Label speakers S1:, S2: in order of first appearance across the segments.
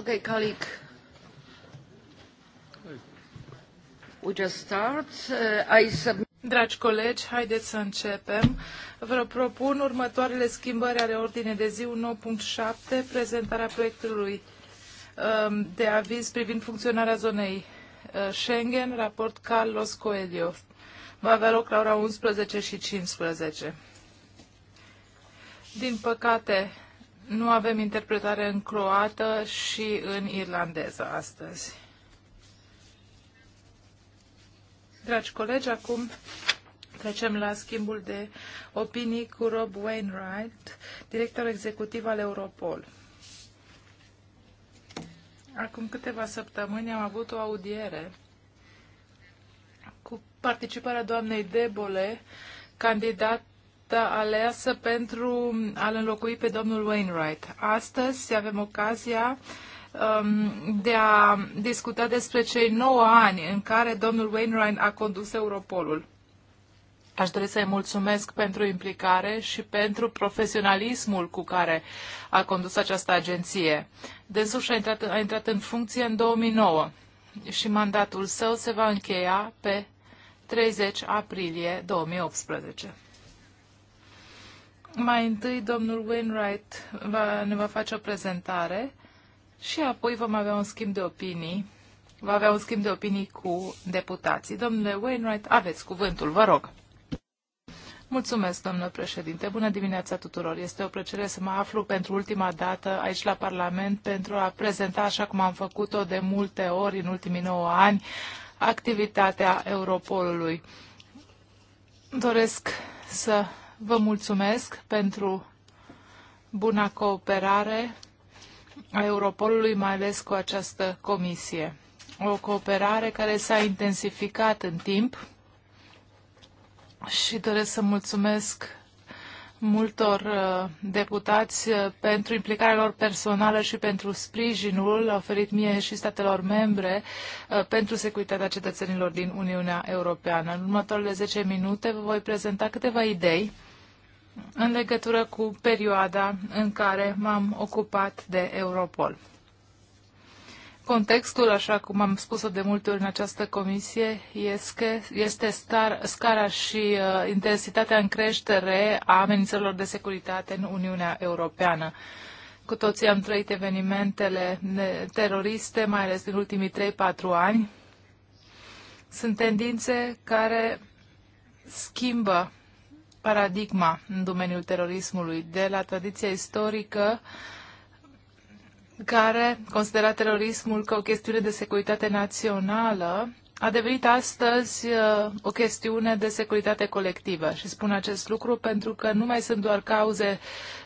S1: Okay, colleague.
S2: We just start. Uh, I sub- Dragi colegi, haideți să începem. Vă propun următoarele schimbări ale ordinii de zi 1.7, prezentarea proiectului um, de aviz privind funcționarea zonei uh, Schengen, raport Carlos Coelho. Va avea loc la ora 11 și 15. Din păcate, nu avem interpretare în croată și în irlandeză astăzi. Dragi colegi, acum trecem la schimbul de opinii cu Rob Wainwright, director executiv al Europol. Acum câteva săptămâni am avut o audiere cu participarea doamnei Debole, candidat aleasă pentru a-l înlocui pe domnul Wainwright. Astăzi avem ocazia um, de a discuta despre cei 9 ani în care domnul Wainwright a condus Europolul. Aș dori să-i mulțumesc pentru implicare și pentru profesionalismul cu care a condus această agenție. și a intrat, a intrat în funcție în 2009 și mandatul său se va încheia pe 30 aprilie 2018. Mai întâi domnul Wainwright va, ne va face o prezentare și apoi vom avea un schimb de opinii. Va avea un schimb de opinii cu deputații. Domnule Wainwright, aveți cuvântul, vă rog. Mulțumesc, domnule președinte. Bună dimineața tuturor. Este o plăcere să mă aflu pentru ultima dată aici la Parlament pentru a prezenta, așa cum am făcut-o de multe ori în ultimii 9 ani, activitatea Europolului. Doresc să Vă mulțumesc pentru buna cooperare a Europolului, mai ales cu această comisie. O cooperare care s-a intensificat în timp și doresc să mulțumesc multor uh, deputați uh, pentru implicarea lor personală și pentru sprijinul oferit mie și statelor membre uh, pentru securitatea cetățenilor din Uniunea Europeană. În următoarele 10 minute vă voi prezenta câteva idei în legătură cu perioada în care m-am ocupat de Europol. Contextul, așa cum am spus-o de multe ori în această comisie, este, star, scara și uh, intensitatea în creștere a amenințărilor de securitate în Uniunea Europeană. Cu toții am trăit evenimentele teroriste, mai ales din ultimii 3-4 ani. Sunt tendințe care schimbă paradigma în domeniul terorismului, de la tradiția istorică care considera terorismul ca o chestiune de securitate națională a devenit astăzi uh, o chestiune de securitate colectivă și spun acest lucru pentru că nu mai sunt doar cauze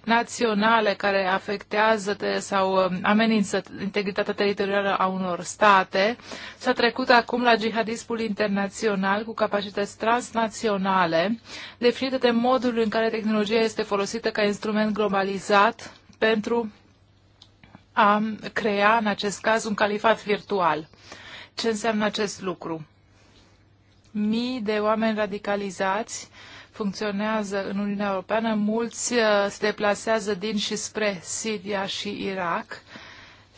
S2: naționale care afectează sau um, amenință integritatea teritorială a unor state. S-a trecut acum la jihadismul internațional cu capacități transnaționale, definite de modul în care tehnologia este folosită ca instrument globalizat pentru a crea, în acest caz, un califat virtual. Ce înseamnă acest lucru? Mii de oameni radicalizați funcționează în Uniunea Europeană, mulți uh, se deplasează din și spre Siria și Irak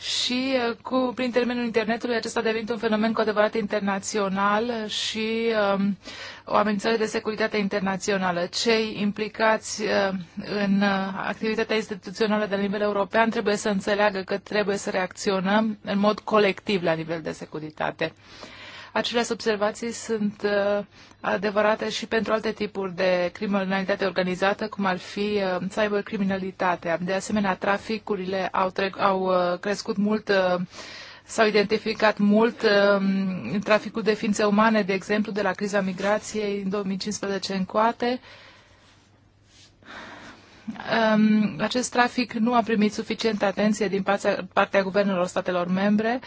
S2: și uh, cu, prin termenul internetului acesta a devenit un fenomen cu adevărat internațional și um, o amenințare de securitate internațională. Cei implicați uh, în uh, activitatea instituțională de la nivel european trebuie să înțeleagă că trebuie să reacționăm în mod colectiv la nivel de securitate. Uh, aceleași observații sunt uh, adevărate și pentru alte tipuri de criminalitate organizată, cum ar fi uh, cybercriminalitatea. De asemenea, traficurile au, au uh, crescut mult s-au identificat mult um, traficul de ființe umane, de exemplu, de la criza migrației în 2015 încoate. Uh, acest trafic nu a primit suficientă atenție din partea, guvernelor statelor membre.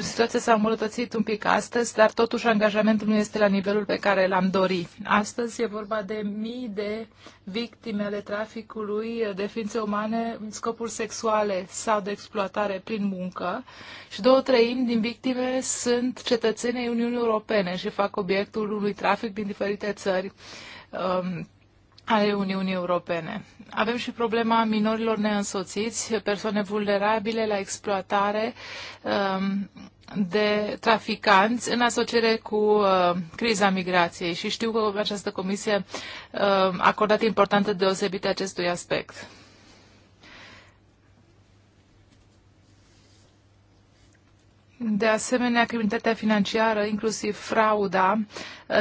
S2: Situația s-a îmbunătățit un pic astăzi, dar totuși angajamentul nu este la nivelul pe care l-am dori. Astăzi e vorba de mii de victime ale traficului de ființe umane în scopuri sexuale sau de exploatare prin muncă și două treimi din victime sunt cetățenii Uniunii Europene și fac obiectul unui trafic din diferite țări um, ale Uniunii Europene. Avem și problema minorilor neînsoțiți, persoane vulnerabile la exploatare um, de traficanți în asociere cu uh, criza migrației și știu că această comisie uh, a acordat importantă deosebită acestui aspect. De asemenea, criminalitatea financiară, inclusiv frauda,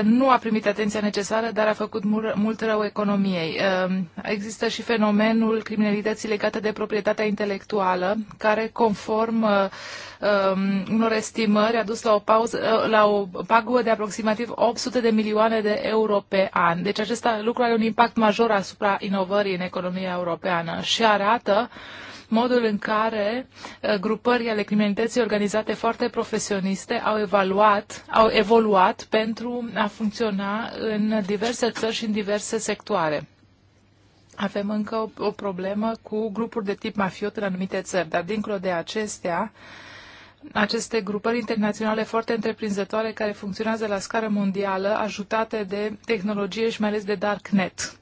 S2: nu a primit atenția necesară, dar a făcut mult rău economiei. Ehm, există și fenomenul criminalității legate de proprietatea intelectuală, care, conform ehm, unor estimări, a dus la o, pauză, ehm, la o pagubă de aproximativ 800 de milioane de euro pe an. Deci acest lucru are un impact major asupra inovării în economia europeană și arată modul în care uh, grupări ale criminalității organizate foarte profesioniste au evaluat, au evoluat pentru a funcționa în diverse țări și în diverse sectoare. Avem încă o, o problemă cu grupuri de tip mafiot în anumite țări, dar dincolo de acestea, aceste grupări internaționale foarte întreprinzătoare care funcționează la scară mondială, ajutate de tehnologie și mai ales de darknet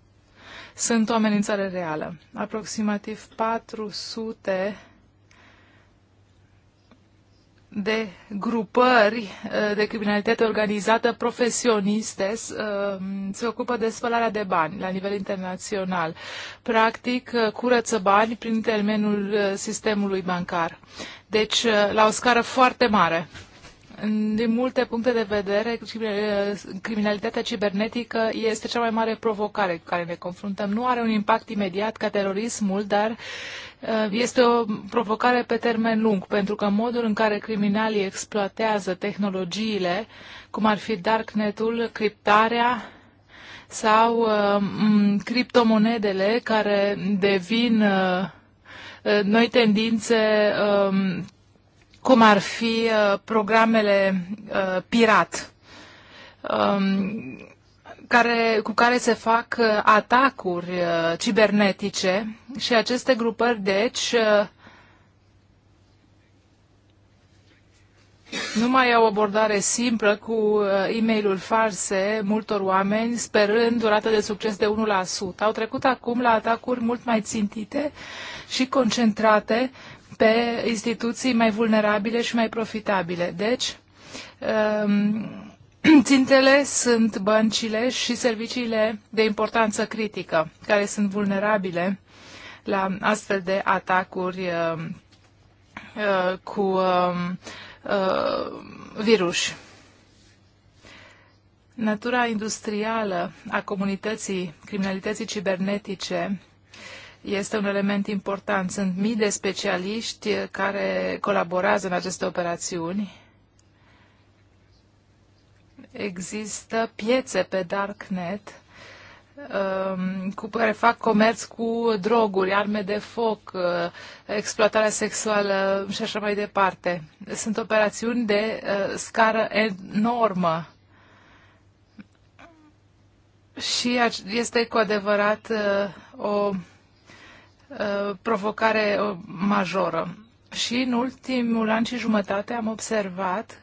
S2: sunt o amenințare reală. Aproximativ 400 de grupări eh, de criminalitate organizată profesioniste eh, se ocupă de spălarea de bani la nivel internațional. Practic, eh, curăță bani prin termenul sistemului bancar. Deci, la o scară foarte mare. Din multe puncte de vedere, uh, criminalitatea cibernetică este cea mai mare provocare cu care ne confruntăm. Nu are un impact imediat ca terorismul, dar uh, este o provocare pe termen lung, pentru că modul în care criminalii exploatează tehnologiile, cum ar fi darknetul, criptarea, sau uh, criptomonedele care devin uh, uh noi tendințe uh, cum ar fi uh, programele uh, pirat, um, care, cu care se fac uh, atacuri uh, cibernetice și aceste grupări, deci, uh, Nu mai au abordare simplă cu uh, e mail false multor oameni, sperând durată de succes de 1%. Au trecut acum la atacuri mult mai țintite și concentrate pe instituții mai vulnerabile și mai profitabile. Deci, um, țintele sunt băncile și serviciile de importanță critică, care sunt vulnerabile la astfel de atacuri um, uh, cu um, uh, virus. Natura industrială a comunității criminalității cibernetice este un element important. Sunt mii de specialiști care colaborează în aceste operațiuni. Există piețe pe Darknet um, cu care fac comerț cu droguri, arme de foc, uh, exploatarea sexuală și așa mai departe. Sunt operațiuni de uh, scară enormă. Și este cu adevărat uh, o Uh, provocare uh, majoră. Și în ultimul an și jumătate am observat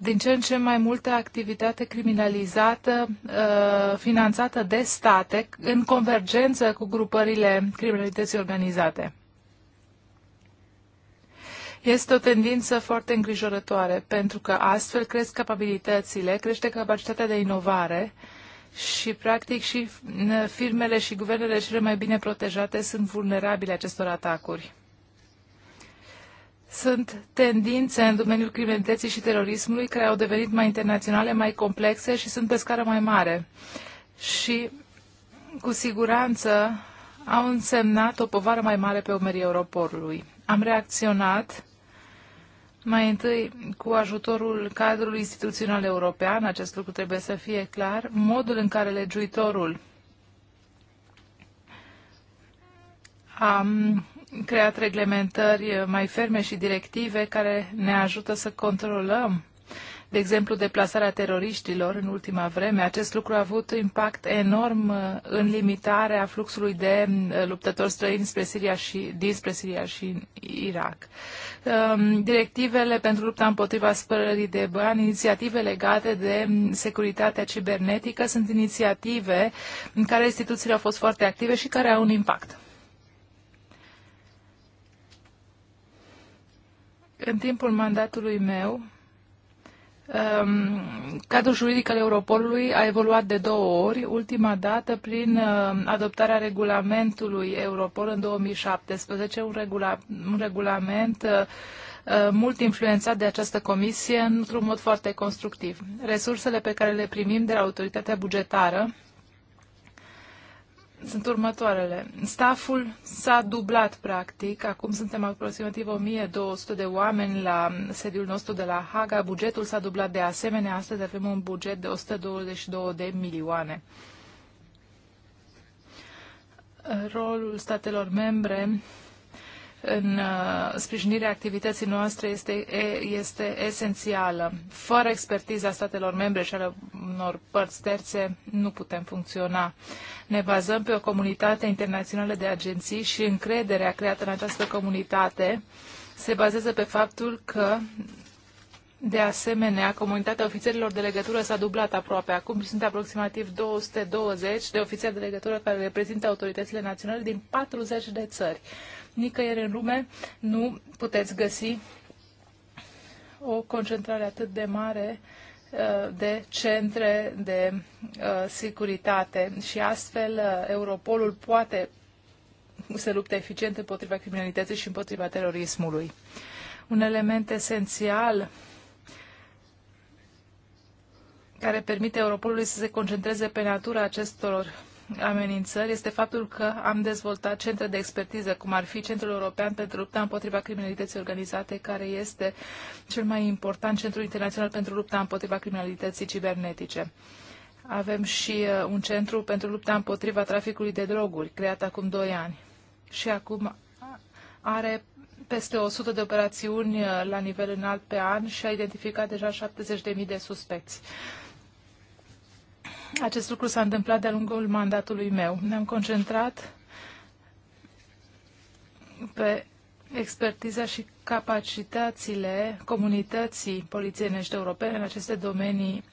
S2: din ce în ce mai multă activitate criminalizată, uh, finanțată de state, în convergență cu grupările criminalității organizate. Este o tendință foarte îngrijorătoare, pentru că astfel cresc capabilitățile, crește capacitatea de inovare, uh, și, practic, și firmele și guvernele cele mai bine protejate sunt vulnerabile acestor atacuri. Sunt tendințe în domeniul criminalității și terorismului care au devenit mai internaționale, mai complexe și sunt pe scară mai mare. Și, cu siguranță, au însemnat o povară mai mare pe umerii Europolului. Am reacționat mai întâi, cu ajutorul cadrului instituțional european, acest lucru trebuie să fie clar, modul în care legiuitorul a creat reglementări mai ferme și directive care ne ajută să controlăm de exemplu, deplasarea teroriștilor în ultima vreme. Acest lucru a avut impact enorm uh, în limitarea fluxului de uh, luptători străini spre Siria și, dinspre Siria și Irak. Um, directivele pentru lupta împotriva spălării de bani, inițiative legate de um, securitatea cibernetică sunt inițiative în care instituțiile au fost foarte active și care au un impact. În timpul mandatului meu, Ehm, cadrul juridic al Europolului a evoluat de două ori, ultima dată prin ehm, adoptarea regulamentului Europol în 2017, un, regula, un regulament ehm, mult influențat de această comisie într-un mod foarte constructiv. Resursele pe care le primim de la autoritatea bugetară sunt următoarele. Staful s-a dublat, practic. Acum suntem aproximativ 1200 de oameni la sediul nostru de la Haga. Bugetul s-a dublat de asemenea. Astăzi avem un buget de 122 de milioane. Rolul statelor membre în uh, sprijinirea activității noastre este, este esențială. Fără expertiza statelor membre și ale unor părți terțe nu putem funcționa. Ne bazăm pe o comunitate internațională de agenții și încrederea creată în această comunitate se bazează pe faptul că de asemenea, comunitatea ofițerilor de legătură s-a dublat aproape. Acum sunt aproximativ 220 de ofițeri de legătură care reprezintă autoritățile naționale din 40 de țări. Nicăieri în lume nu puteți găsi o concentrare atât de mare uh, de centre de uh, securitate și astfel uh, Europolul poate să lupte eficient împotriva criminalității și împotriva terorismului. Un element esențial care permite Europolului să se concentreze pe natura acestor amenințări este faptul că am dezvoltat centre de expertiză, cum ar fi Centrul European pentru lupta împotriva criminalității organizate, care este cel mai important centru internațional pentru lupta împotriva criminalității cibernetice. Avem și uh, un centru pentru lupta împotriva traficului de droguri, creat acum 2 ani. Și acum are peste 100 de operațiuni uh, la nivel înalt pe an și a identificat deja 70.000 de suspecți. Acest lucru s-a întâmplat de-a lungul mandatului meu. Ne-am concentrat pe expertiza și capacitățile comunității polițienești europene în aceste domenii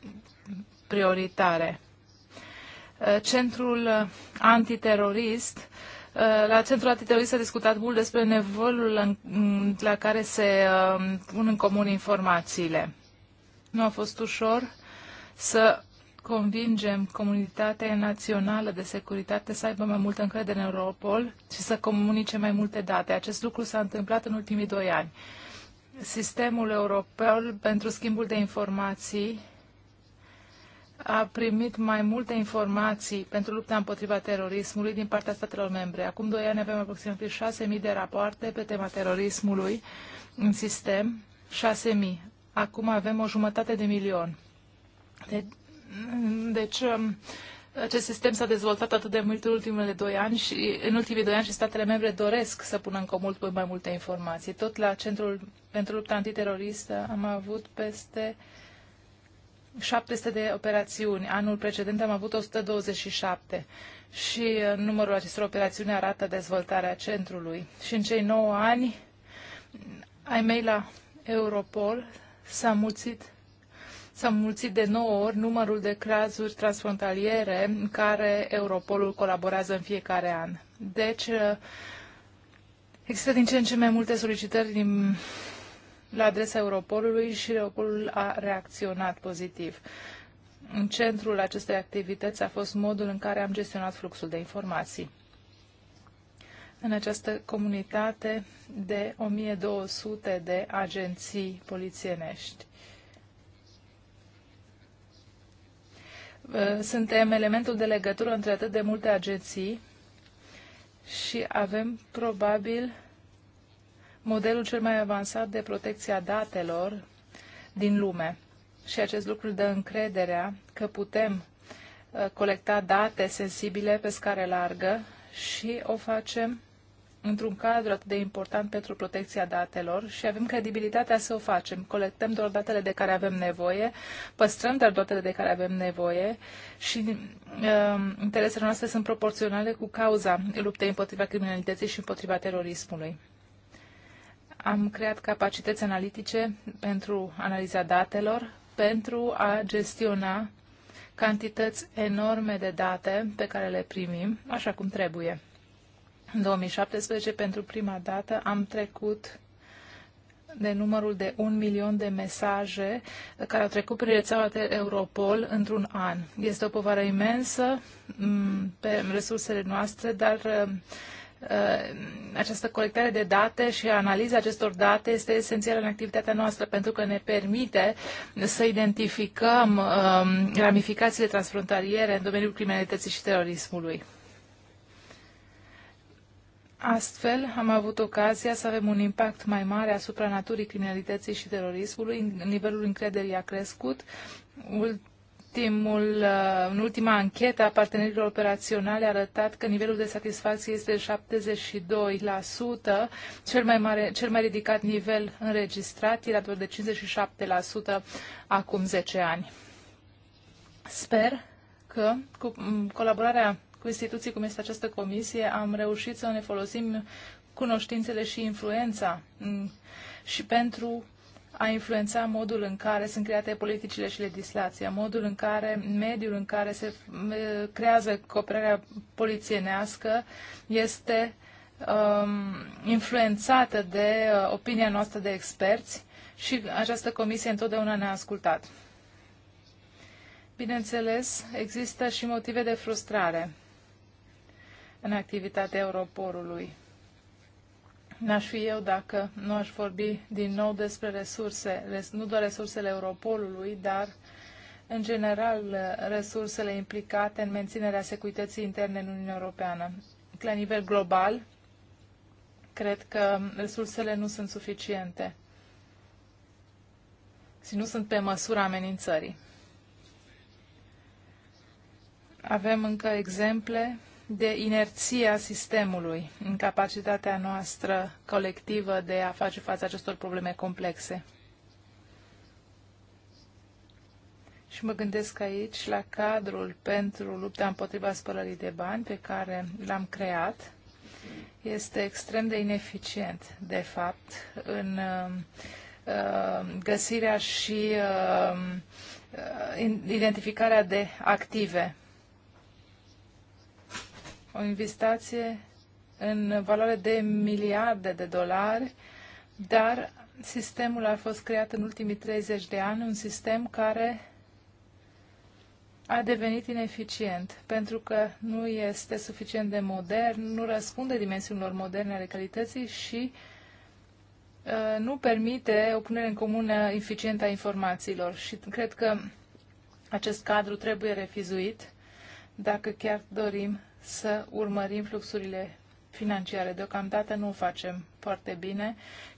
S2: prioritare. Uh, centrul antiterorist uh, la Centrul Antiterorist s-a discutat mult despre nivelul la care se uh, pun în comun informațiile. Nu a fost ușor să convingem comunitatea națională de securitate să aibă mai multă încredere în Europol și să comunice mai multe date. Acest lucru s-a întâmplat în ultimii doi ani. Sistemul Europol pentru schimbul de informații a primit mai multe informații pentru lupta împotriva terorismului din partea statelor membre. Acum doi ani avem aproximativ 6.000 de rapoarte pe tema terorismului în sistem, 6.000. Acum avem o jumătate de milion. De, deci, deci, um, acest sistem s-a dezvoltat atât de mult în ultimele doi ani și în ultimii doi ani și statele membre doresc să pună în comun mai multe informații. Tot la Centrul pentru lupta antiteroristă am avut peste 700 de operațiuni. Anul precedent am avut 127 și uh, numărul acestor operațiuni arată dezvoltarea centrului. Și în cei 9 ani ai mei la Europol s-a mulțit s-a mulțit de 9 ori numărul de cazuri transfrontaliere în care Europolul colaborează în fiecare an. Deci, uh, există din ce în ce mai multe solicitări din, la adresa Europolului și Europolul a reacționat pozitiv. În centrul acestei activități a fost modul în care am gestionat fluxul de informații în această comunitate de 1200 de agenții polițienești. Uh, suntem elementul de legătură între atât de multe agenții și avem probabil modelul cel mai avansat de protecția datelor din lume. Și acest lucru dă încrederea că putem uh, colecta date sensibile pe scară largă și o facem într-un cadru atât de important pentru protecția datelor și avem credibilitatea să o facem. Colectăm doar datele de care avem nevoie, păstrăm doar datele de care avem nevoie și uh, interesele noastre sunt proporționale cu cauza luptei împotriva criminalității și împotriva terorismului. Am creat capacități analitice pentru analiza datelor, pentru a gestiona cantități enorme de date pe care le primim așa cum trebuie. În 2017, pentru prima dată, am trecut de numărul de un milion de mesaje care au trecut prin rețeaua Europol într-un an. Este o povară imensă mm, pe resursele noastre, dar uh, uh, această colectare de date și analiza acestor date este esențială în activitatea noastră pentru că ne permite să identificăm um, ramificațiile transfrontaliere în domeniul criminalității și terorismului. Astfel, am avut ocazia să avem un impact mai mare asupra naturii criminalității și terorismului. Nivelul încrederii a crescut. Ultimul, uh, în ultima anchetă a partenerilor operaționale a arătat că nivelul de satisfacție este 72%, cel mai, mare, cel mai ridicat nivel înregistrat era doar de 57% acum 10 ani. Sper că cu mm, colaborarea cu instituții cum este această comisie, am reușit să ne folosim cunoștințele și influența mm, și pentru a influența modul în care sunt create politicile și legislația, modul în care mediul în care se mm, creează cooperarea polițienească este um, influențată de uh, opinia noastră de experți și această comisie întotdeauna ne-a ascultat. Bineînțeles, există și motive de frustrare în activitatea aeroporului. N-aș fi eu dacă nu aș vorbi din nou despre resurse, nu doar resursele Europolului, dar în general resursele implicate în menținerea securității interne în Uniunea Europeană. La nivel global, cred că resursele nu sunt suficiente și nu sunt pe măsura amenințării. Avem încă exemple de inerția sistemului, incapacitatea noastră colectivă de a face față acestor probleme complexe. Și mă gândesc aici la cadrul pentru lupta împotriva spălării de bani pe care l-am creat. Este extrem de ineficient, de fapt, în uh, uh găsirea și uh, uh identificarea de active o investiție în valoare de miliarde de dolari, dar sistemul a fost creat în ultimii 30 de ani, un sistem care a devenit ineficient pentru că nu este suficient de modern, nu răspunde dimensiunilor moderne ale calității și uh, nu permite o punere în comună eficientă a informațiilor. Și cred că acest cadru trebuie refizuit dacă chiar dorim să urmărim fluxurile financiare. Deocamdată nu o facem foarte bine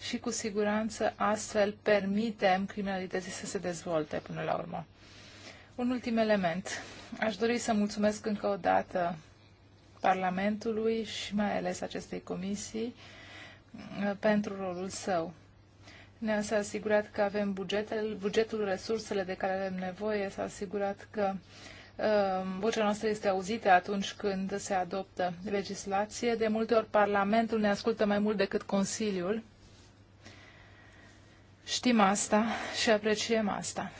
S2: și cu siguranță astfel permitem criminalității să se dezvolte până la urmă. Un ultim element. Aș dori să mulțumesc încă o dată Parlamentului și mai ales acestei comisii uh, pentru rolul său. Ne-a asigurat că avem bugetul, bugetul, resursele de care avem nevoie, s-a asigurat că uh, Ehm, vocea noastră este auzită atunci când se adoptă legislație. De multe ori Parlamentul ne ascultă mai mult decât Consiliul. Știm asta și apreciem asta.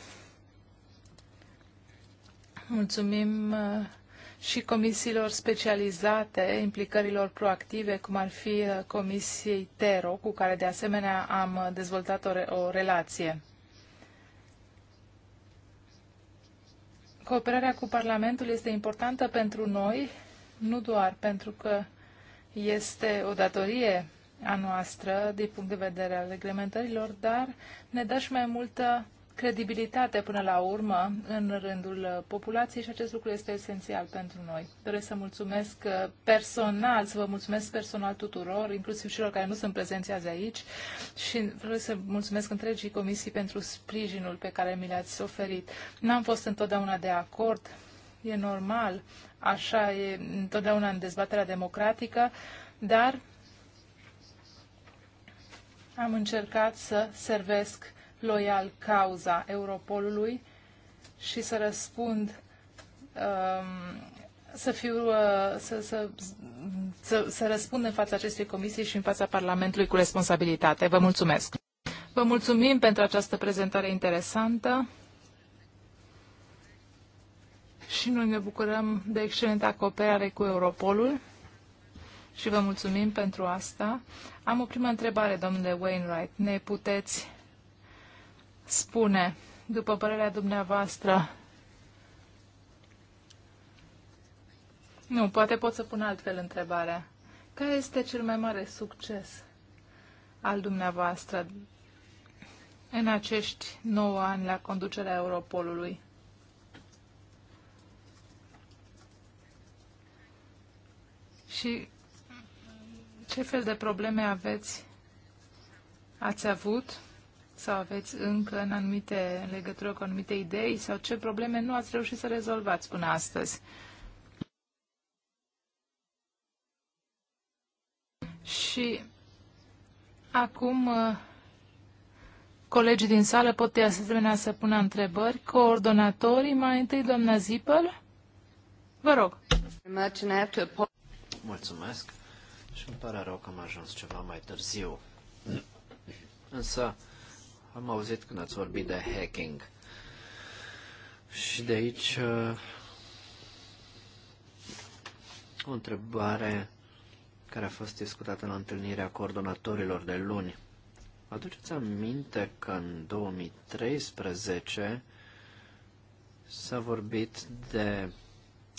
S2: Mulțumim eh, și comisiilor specializate, implicărilor proactive, cum ar fi eh, Comisiei TERO, cu care de asemenea am eh, dezvoltat o, re o relație. Cooperarea cu Parlamentul este importantă pentru noi, nu doar pentru că este o datorie a noastră din punct de vedere al reglementărilor, dar ne dă și mai multă credibilitate până la urmă în rândul populației și acest lucru este esențial pentru noi. Doresc să mulțumesc uh, personal, să vă mulțumesc personal tuturor, inclusiv celor care nu sunt prezenți azi aici și vreau să mulțumesc întregii comisii pentru sprijinul pe care mi l-ați oferit. N-am fost întotdeauna de acord, e normal, așa e întotdeauna în dezbaterea democratică, dar am încercat să servesc loial cauza Europolului și să răspund, um, să, fiu, uh, să, să, să, să răspund în fața acestei comisii și în fața Parlamentului cu responsabilitate. Vă mulțumesc! Vă mulțumim pentru această prezentare interesantă și noi ne bucurăm de excelenta cooperare cu Europolul și vă mulțumim pentru asta. Am o primă întrebare, domnule Wainwright. Ne puteți spune, după părerea dumneavoastră? Nu, poate pot să pun altfel întrebarea. Care este cel mai mare succes al dumneavoastră în acești 9 ani la conducerea Europolului? Și ce fel de probleme aveți, ați avut sau aveți încă în anumite legătură cu anumite idei sau ce probleme nu ați reușit să rezolvați până astăzi. Și acum uh, colegii din sală pot de asemenea să pună întrebări. Coordonatorii, mai întâi doamna Zipăl, vă
S3: rog.
S4: Mulțumesc și îmi pare rău că am ajuns ceva mai târziu. Însă, am auzit când ați vorbit de hacking. Și de aici uh, o întrebare care a fost discutată la întâlnirea coordonatorilor de luni. Aduceți aminte că în 2013 s-a vorbit de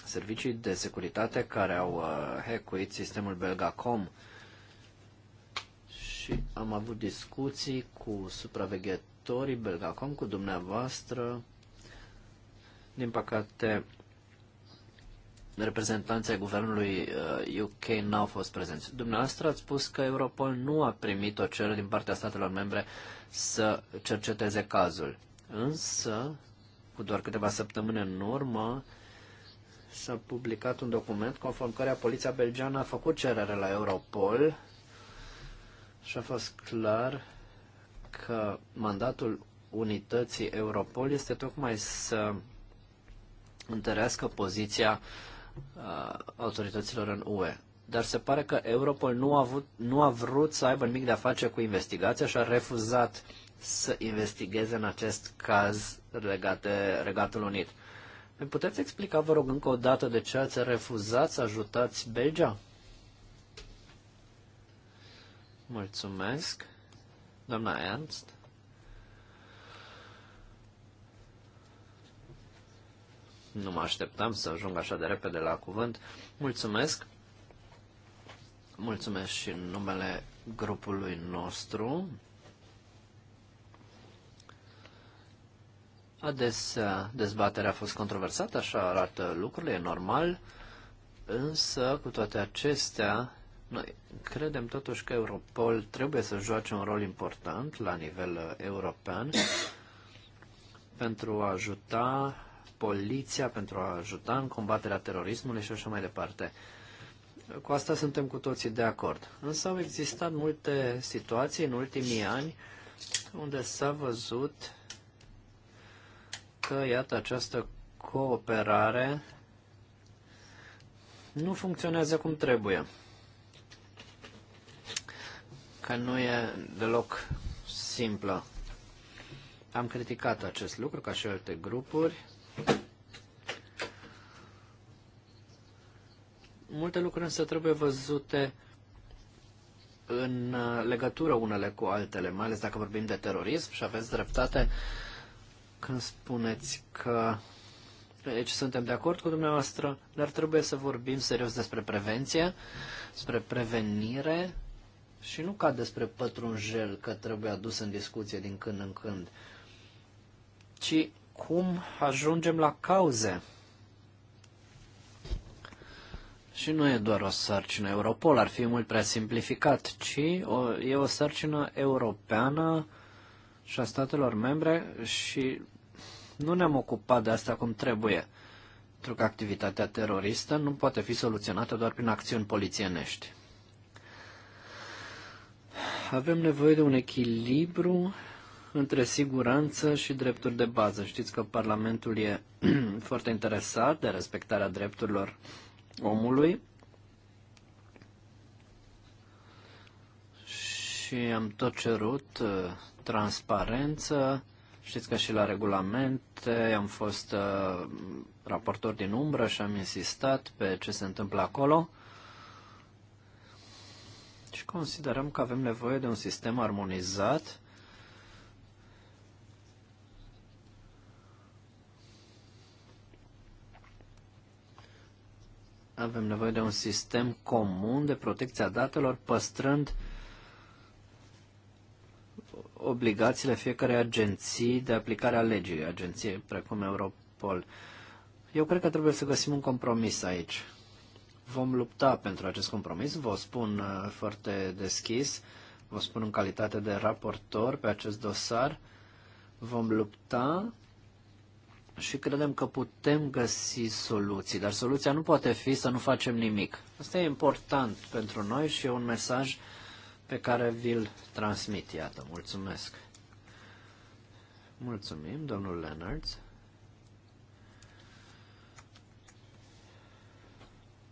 S4: servicii de securitate care au uh, hackuit sistemul Belgacom și am avut discuții cu supraveghetorii Belgacom, cu dumneavoastră. Din păcate, reprezentanții guvernului UK uh, n-au fost prezenți. Dumneavoastră ați spus că Europol nu a primit o cerere din partea statelor membre să cerceteze cazul. Însă, cu doar câteva săptămâni în urmă, s-a publicat un document conform căreia poliția belgeană a făcut cerere la Europol și a fost clar că mandatul unității Europol este tocmai să întărească poziția uh, autorităților în UE. Dar se pare că Europol nu a, avut, nu a vrut să aibă nimic de a face cu investigația și a refuzat să investigheze în acest caz legat de Regatul Unit. Îmi puteți explica, vă rog, încă o dată de ce ați refuzat să ajutați Belgia? Mulțumesc. Doamna Ernst. Nu mă așteptam să ajung așa de repede la cuvânt. Mulțumesc. Mulțumesc și în numele grupului nostru. Adesea dezbaterea a fost controversată, așa arată lucrurile, e normal, însă cu toate acestea noi credem totuși că Europol trebuie să joace un rol important la nivel uh, european pentru a ajuta poliția, pentru a ajuta în combaterea terorismului și așa mai departe. Cu asta suntem cu toții de acord. Însă au existat multe situații în ultimii ani unde s-a văzut că, iată, această cooperare nu funcționează cum trebuie că nu e deloc simplă. Am criticat acest lucru ca și alte grupuri. Multe lucruri însă trebuie văzute în uh, legătură unele cu altele, mai ales dacă vorbim de terorism și aveți dreptate când spuneți că deci suntem de acord cu dumneavoastră, dar trebuie să vorbim serios despre prevenție, despre prevenire și nu ca despre pătrunjel că trebuie adus în discuție din când în când, ci cum ajungem la cauze. Și nu e doar o sarcină Europol, ar fi mult prea simplificat, ci o, e o sarcină europeană și a statelor membre și nu ne-am ocupat de asta cum trebuie, pentru că activitatea teroristă nu poate fi soluționată doar prin acțiuni polițienești avem nevoie de un echilibru între siguranță și drepturi de bază. Știți că Parlamentul e foarte interesat de respectarea drepturilor omului și am tot cerut uh, transparență. Știți că și la regulamente am fost uh, raportor din umbră și am insistat pe ce se întâmplă acolo și deci considerăm că avem nevoie de un sistem armonizat avem nevoie de un sistem comun de protecția datelor, păstrând obligațiile fiecarei agenții de aplicare a legii, agenție precum Europol. Eu cred că trebuie să găsim un compromis aici vom lupta pentru acest compromis. Vă spun uh, foarte deschis, vă spun în calitate de raportor pe acest dosar, vom lupta și credem că putem găsi soluții, dar soluția nu poate fi să nu facem nimic. Asta e important pentru noi și e un mesaj pe care vi-l transmit. Iată, mulțumesc. Mulțumim, domnul Leonards.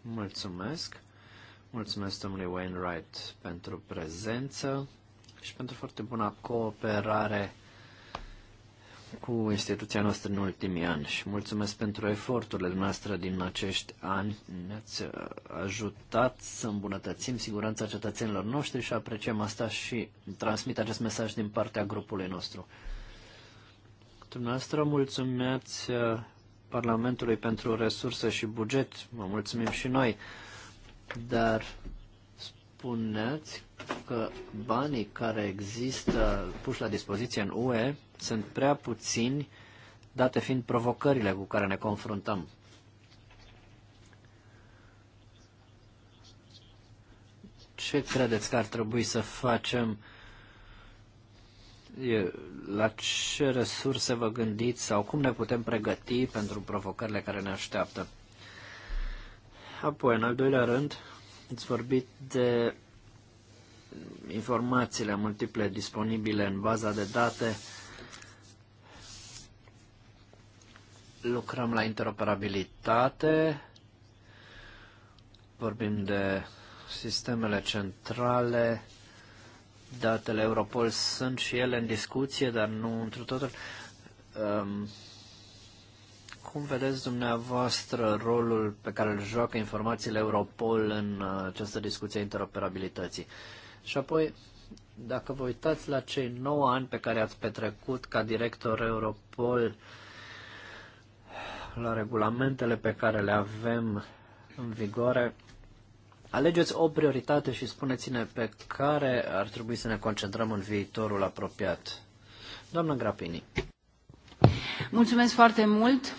S4: Mulțumesc. Mulțumesc domnului Wainwright pentru prezență și pentru foarte bună cooperare cu instituția noastră în ultimii ani și mulțumesc pentru eforturile noastre din acești ani. Ne-ați uh, ajutat să îmbunătățim siguranța cetățenilor noștri și apreciem asta și transmit acest mesaj din partea grupului nostru. Dumneavoastră mulțumesc uh, Parlamentului pentru resurse și buget, mă mulțumim și noi, dar spuneți că banii care există puși la dispoziție în UE sunt prea puțini, date fiind provocările cu care ne confruntăm. Ce credeți că ar trebui să facem uh, la ce resurse vă gândiți sau cum ne putem pregăti pentru provocările care ne așteaptă. Apoi, în al doilea rând, ați vorbit de informațiile multiple disponibile în baza de date. Lucrăm la interoperabilitate, vorbim de sistemele centrale, Datele Europol sunt și ele în discuție, dar nu într totul. Um, cum vedeți dumneavoastră rolul pe care îl joacă informațiile Europol în uh, această discuție a interoperabilității? Și apoi, dacă vă uitați la cei 9 ani pe care ați petrecut ca director Europol, la regulamentele pe care le avem în vigoare, Alegeți o prioritate și spuneți-ne pe care ar trebui să ne concentrăm în viitorul apropiat. Doamna Grapini.
S1: Mulțumesc foarte mult.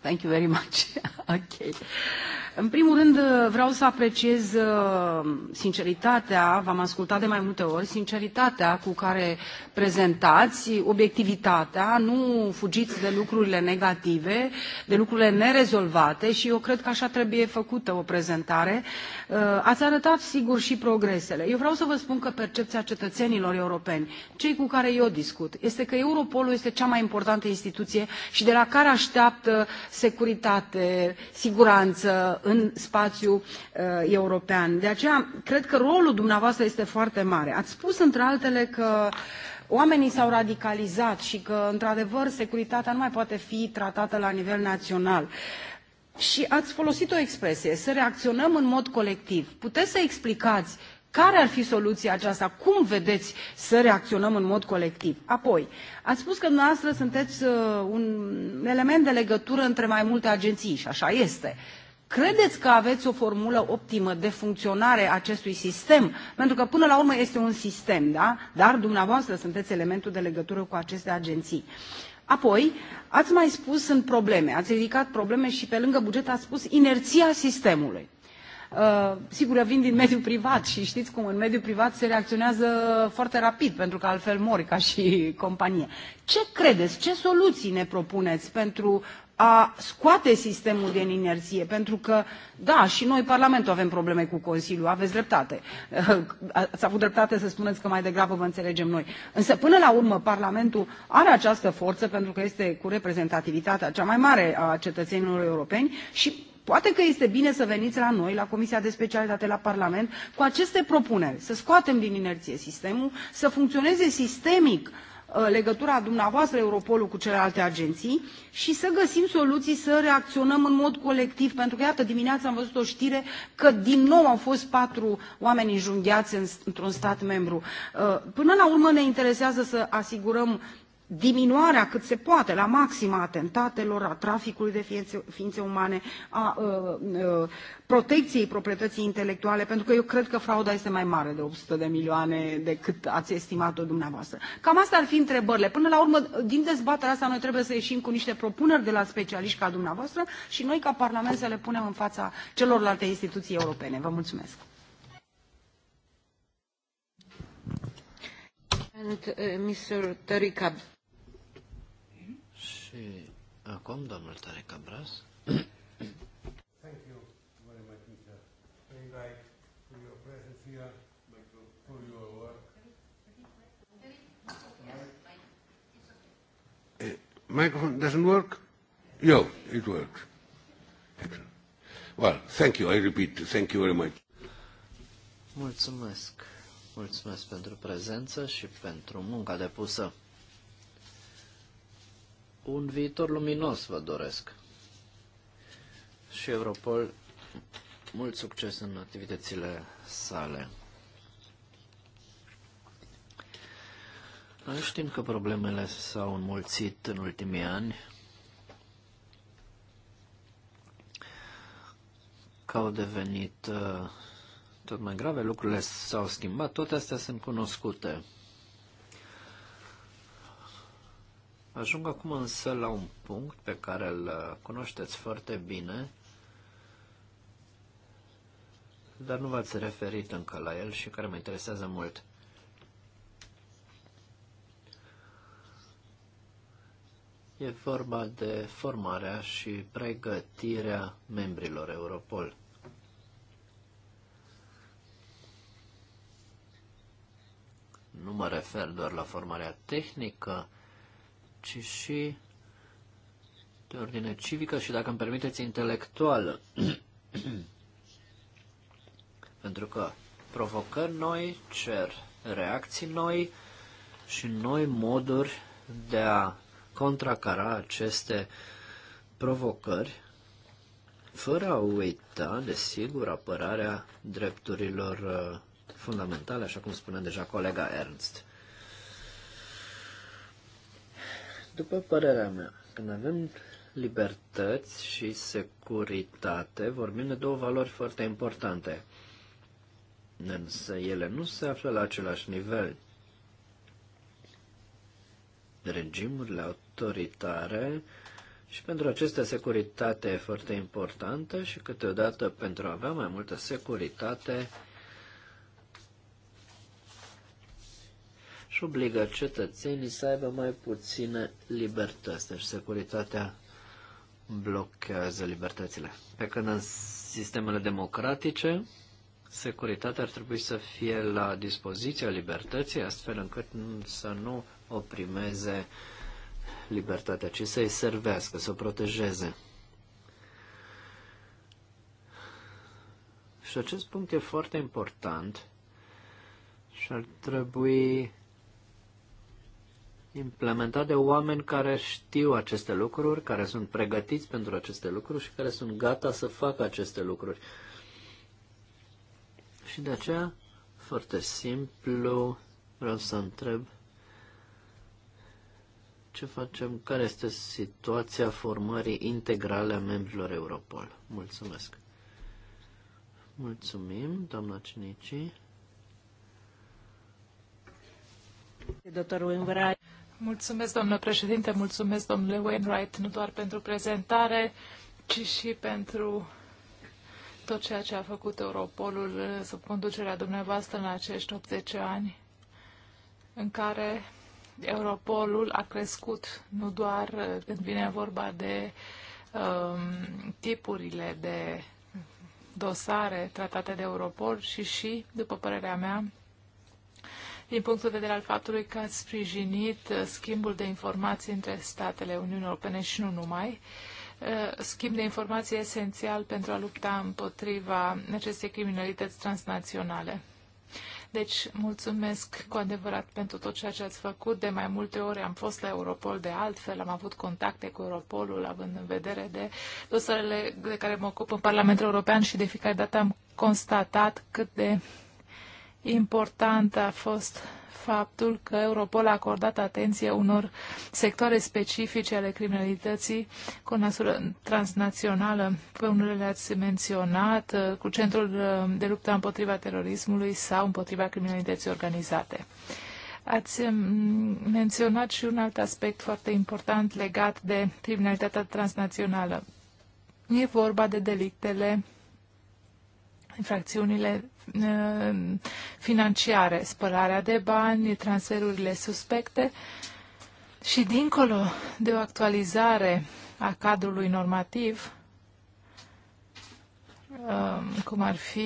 S1: Thank you very much. Okay. În primul rând, uh, vreau să apreciez uh, sinceritatea, v-am ascultat de mai multe ori, sinceritatea cu care prezentați, obiectivitatea, nu fugiți de lucrurile negative, de lucrurile nerezolvate și eu cred că așa trebuie făcută o prezentare. Uh, ați arătat, sigur, și progresele. Eu vreau să vă spun că percepția cetățenilor europeni, cei cu care eu discut, este că Europolul este cea mai importantă instituție și de la care așteaptă securitate, siguranță, în spațiul uh, european. De aceea, cred că rolul dumneavoastră este foarte mare. Ați spus, între altele, că oamenii s-au radicalizat și că, într-adevăr, securitatea nu mai poate fi tratată la nivel național. Și ați folosit o expresie, să reacționăm în mod colectiv. Puteți să explicați care ar fi soluția aceasta? Cum vedeți să reacționăm în mod colectiv? Apoi, ați spus că dumneavoastră sunteți uh, un element de legătură între mai multe agenții și așa este. Credeți că aveți o formulă optimă de funcționare a acestui sistem? Pentru că până la urmă este un sistem, da? Dar dumneavoastră sunteți elementul de legătură cu aceste agenții. Apoi, ați mai spus, sunt probleme, ați ridicat probleme și pe lângă buget ați spus inerția sistemului. Uh, sigur, vin din mediul privat și știți cum în mediul privat se reacționează foarte rapid, pentru că altfel mori ca și companie. Ce credeți? Ce soluții ne propuneți pentru a scoate sistemul din inerție, pentru că, da, și noi, Parlamentul, avem probleme cu Consiliul, aveți dreptate. Ați avut dreptate să spuneți că mai degrabă vă înțelegem noi. Însă, până la urmă, Parlamentul are această forță, pentru că este cu reprezentativitatea cea mai mare a cetățenilor europeni și Poate că este bine să veniți la noi, la Comisia de Specialitate, la Parlament, cu aceste propuneri, să scoatem din inerție sistemul, să funcționeze sistemic Uh, legătura dumneavoastră Europolul cu celelalte agenții și să găsim soluții să reacționăm în mod colectiv, pentru că iată dimineața am văzut o știre că din nou au fost patru oameni înjunghiați într-un stat membru. Uh, până la urmă ne interesează să asigurăm diminuarea cât se poate la maxim a atentatelor, a traficului de ființe, ființe umane, a, a, uh, a uh, protecției proprietății intelectuale, pentru că eu cred că frauda este mai mare de 800 de milioane decât ați estimat-o dumneavoastră. Cam asta ar fi întrebările. Până la urmă, din dezbaterea asta, noi trebuie să ieșim cu niște propuneri de la specialiști ca dumneavoastră și noi, ca Parlament, să le punem în fața celorlalte instituții europene. Vă mulțumesc! And, uh, Mr. Tariqa
S4: și acum, domnul Tarek Abras. Thank you very much, Mr. for your presence here, for your work. Eh, microphone doesn't work? Yo, it works.
S1: Well, thank you. I repeat, thank you very much.
S4: Mulțumesc. Mulțumesc pentru prezență și pentru munca depusă un viitor luminos vă doresc. Și Europol, mult succes în activitățile sale. Noi știm că problemele s-au înmulțit în ultimii ani. Că au devenit uh, tot mai grave, lucrurile s-au schimbat, toate astea sunt cunoscute. Ajung acum însă la un punct pe care îl uh, cunoașteți foarte bine, dar nu v-ați referit încă la el și care mă interesează mult. E vorba de formarea și pregătirea membrilor Europol. Nu mă refer doar la formarea tehnică, ci și de ordine civică și, dacă îmi permiteți, intelectuală. Pentru că provocări noi cer reacții noi și noi moduri de a contracara aceste provocări, fără a uita, desigur, apărarea drepturilor uh, fundamentale, așa cum spunea deja colega Ernst. După părerea mea, când avem libertăți și securitate, vorbim de două valori foarte importante. Însă ele nu se află la același nivel. Regimurile autoritare și pentru acestea securitate e foarte importantă și câteodată pentru a avea mai multă securitate și obligă cetățenii să aibă mai puține libertăți. Deci securitatea blochează libertățile. Pe când în sistemele democratice, securitatea ar trebui să fie la dispoziția libertății, astfel încât să nu o primeze libertatea, ci să-i servească, să o protejeze. Și acest punct e foarte important și ar trebui implementat de oameni care știu aceste lucruri, care sunt pregătiți pentru aceste lucruri și care sunt gata să facă aceste lucruri. Și de aceea, foarte simplu, vreau să întreb ce facem, care este situația formării integrale a membrilor Europol. Mulțumesc! Mulțumim, doamna Cinici.
S2: Doctorul Imbraia. Mulțumesc, domnule președinte, mulțumesc, domnule Wainwright, nu doar pentru prezentare, ci și pentru tot ceea ce a făcut Europolul eh, sub conducerea dumneavoastră în acești 80 ani, în care Europolul a crescut nu doar eh, când vine vorba de um, tipurile de dosare tratate de Europol, ci și, după părerea mea, din punctul de vedere al faptului că ați sprijinit uh, schimbul de informații între statele Uniunii Europene și nu numai. Uh, schimb de informații esențial pentru a lupta împotriva acestei criminalități transnaționale. Deci, mulțumesc cu adevărat pentru tot ceea ce ați făcut. De mai multe ori am fost la Europol de altfel, am avut contacte cu Europolul, având în vedere de dosarele de care mă ocup în Parlamentul European și de fiecare dată am constatat cât de important a fost faptul că Europol a acordat atenție unor sectoare specifice ale criminalității cu o măsură transnațională. Pe unele le-ați menționat, uh, cu Centrul uh, de luptă împotriva terorismului sau împotriva criminalității organizate. Ați um, menționat și un alt aspect foarte important legat de criminalitatea transnațională. E vorba de delictele, infracțiunile Uh, financiare, spălarea de bani, transferurile suspecte și dincolo de o actualizare a cadrului normativ, um, cum ar fi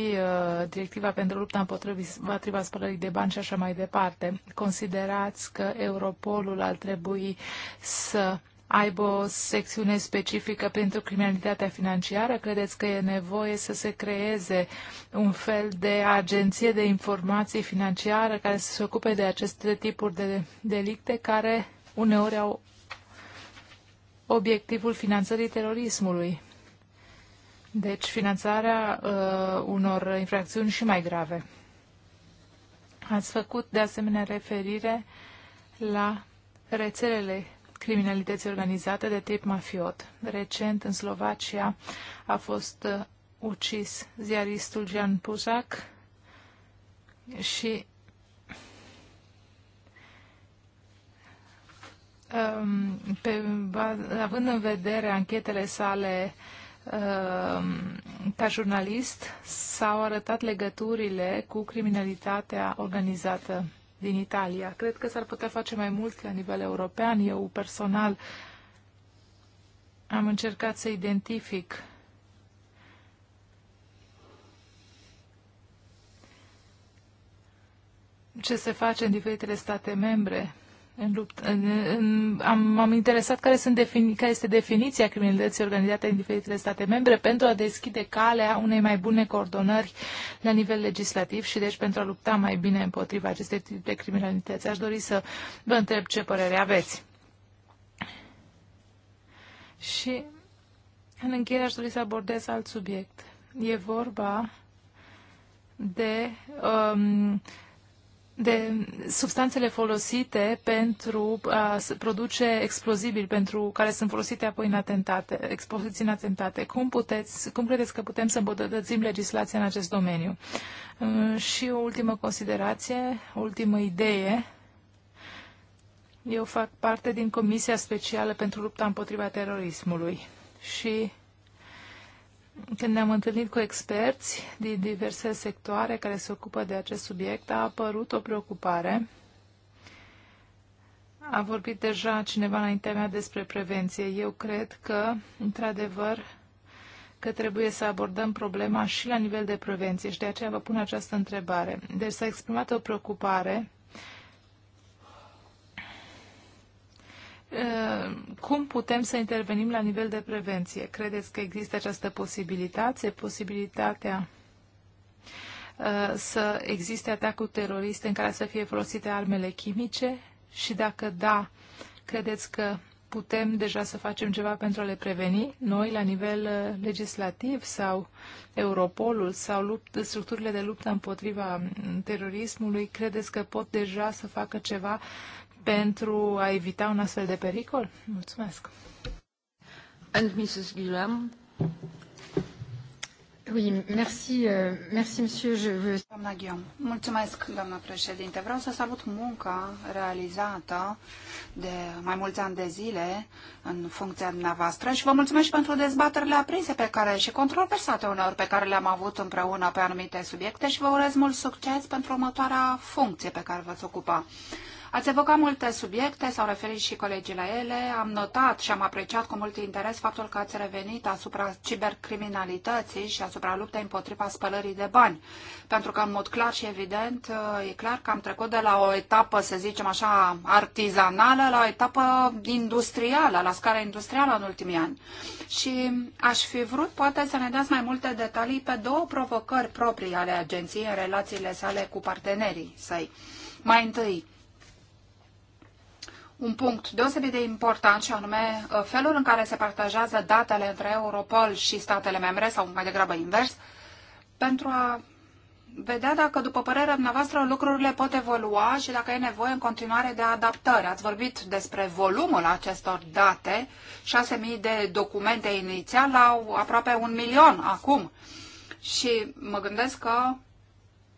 S2: uh, directiva pentru lupta împotriva spălării de bani și așa mai departe. Considerați că Europolul ar trebui să aibă o secțiune specifică pentru criminalitatea financiară? Credeți că e nevoie să se creeze un fel de agenție de informații financiară care să se ocupe de aceste tipuri de delicte care uneori au obiectivul finanțării terorismului? Deci finanțarea uh, unor infracțiuni și mai grave. Ați făcut de asemenea referire la rețelele criminalității organizate de tip mafiot. Recent, în Slovacia, a fost uh, ucis ziaristul Jan Puzac și um, pe, având în vedere anchetele sale um, ca jurnalist, s-au arătat legăturile cu criminalitatea organizată din Italia. Cred că s-ar putea face mai mult la nivel european. Eu personal am încercat să identific ce se face în diferitele state membre în lupt. În, în, am, am interesat care, sunt defini, care este definiția criminalității organizate în diferitele state membre pentru a deschide calea unei mai bune coordonări la nivel legislativ și deci pentru a lupta mai bine împotriva acestei tip de criminalități. Aș dori să vă întreb ce părere aveți. Și în încheiere aș dori să abordez alt subiect. E vorba de um, de substanțele folosite pentru a produce explozibili, pentru care sunt folosite apoi în atentate, expoziții în atentate. Cum, puteți, cum credeți că putem să îmbunătățim legislația în acest domeniu? Uh, și o ultimă considerație, o ultimă idee. Eu fac parte din Comisia Specială pentru Lupta împotriva terorismului și când ne-am întâlnit cu experți din diverse sectoare care se ocupă de acest subiect, a apărut o preocupare. A vorbit deja cineva înaintea mea despre prevenție. Eu cred că, într-adevăr, că trebuie să abordăm problema și la nivel de prevenție și de aceea vă pun această întrebare. Deci s-a exprimat o preocupare cum putem să intervenim la nivel de prevenție? Credeți că există această posibilitate? Posibilitatea uh, să existe atacuri teroriste în care să fie folosite armele chimice? Și dacă da, credeți că putem deja să facem ceva pentru a le preveni noi la nivel uh, legislativ sau Europolul sau lupt, structurile de luptă împotriva mm, terorismului? Credeți că pot deja să facă ceva uh, pentru a evita un astfel de pericol? Mulțumesc. And Mrs. Guillaume.
S3: Oui, merci, uh, merci, monsieur. Je veux... Doamna Guillaume, mulțumesc, doamna președinte. Vreau să salut munca realizată de mai mulți ani de zile în funcția dumneavoastră și vă mulțumesc și pentru dezbaterile aprinse pe care și controversate uneori pe care le-am avut împreună pe anumite subiecte și vă urez mult succes pentru următoarea funcție pe care vă ați ocupa. Ați evocat multe subiecte, s-au referit și colegii la ele. Am notat și am apreciat cu mult interes faptul că ați revenit asupra cibercriminalității și asupra luptei împotriva spălării de bani. Pentru că, în mod clar și evident, e clar că am trecut de la o etapă, să zicem așa, artizanală la o etapă industrială, la scară industrială în ultimii ani. Și aș fi vrut, poate, să ne dați mai multe detalii pe două provocări proprii ale agenției în relațiile sale cu partenerii săi. Mai întâi, un punct deosebit de important și anume uh, felul în care se partajează datele între Europol și statele membre sau mai degrabă invers pentru a vedea dacă, după părerea dumneavoastră, lucrurile pot evolua și dacă e nevoie în continuare de adaptări. Ați vorbit despre volumul acestor date, 6.000 de documente inițial la aproape un milion acum. Și mă gândesc că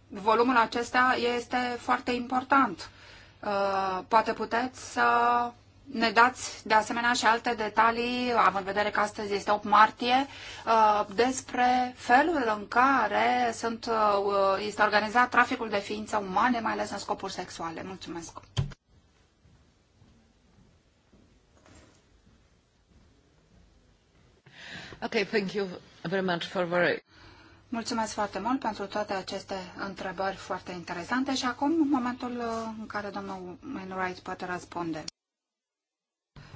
S3: volumul acesta este foarte important. Uh, poate puteți să ne dați de asemenea și alte detalii, având în vedere că astăzi este 8 martie, uh, despre felul în care sunt, uh, este organizat traficul de ființe umane, mai ales în scopuri sexuale. Mulțumesc! Okay, thank you very much for very... Mulțumesc foarte mult pentru toate aceste întrebări foarte interesante și acum momentul uh, în care domnul Wainwright poate răspunde.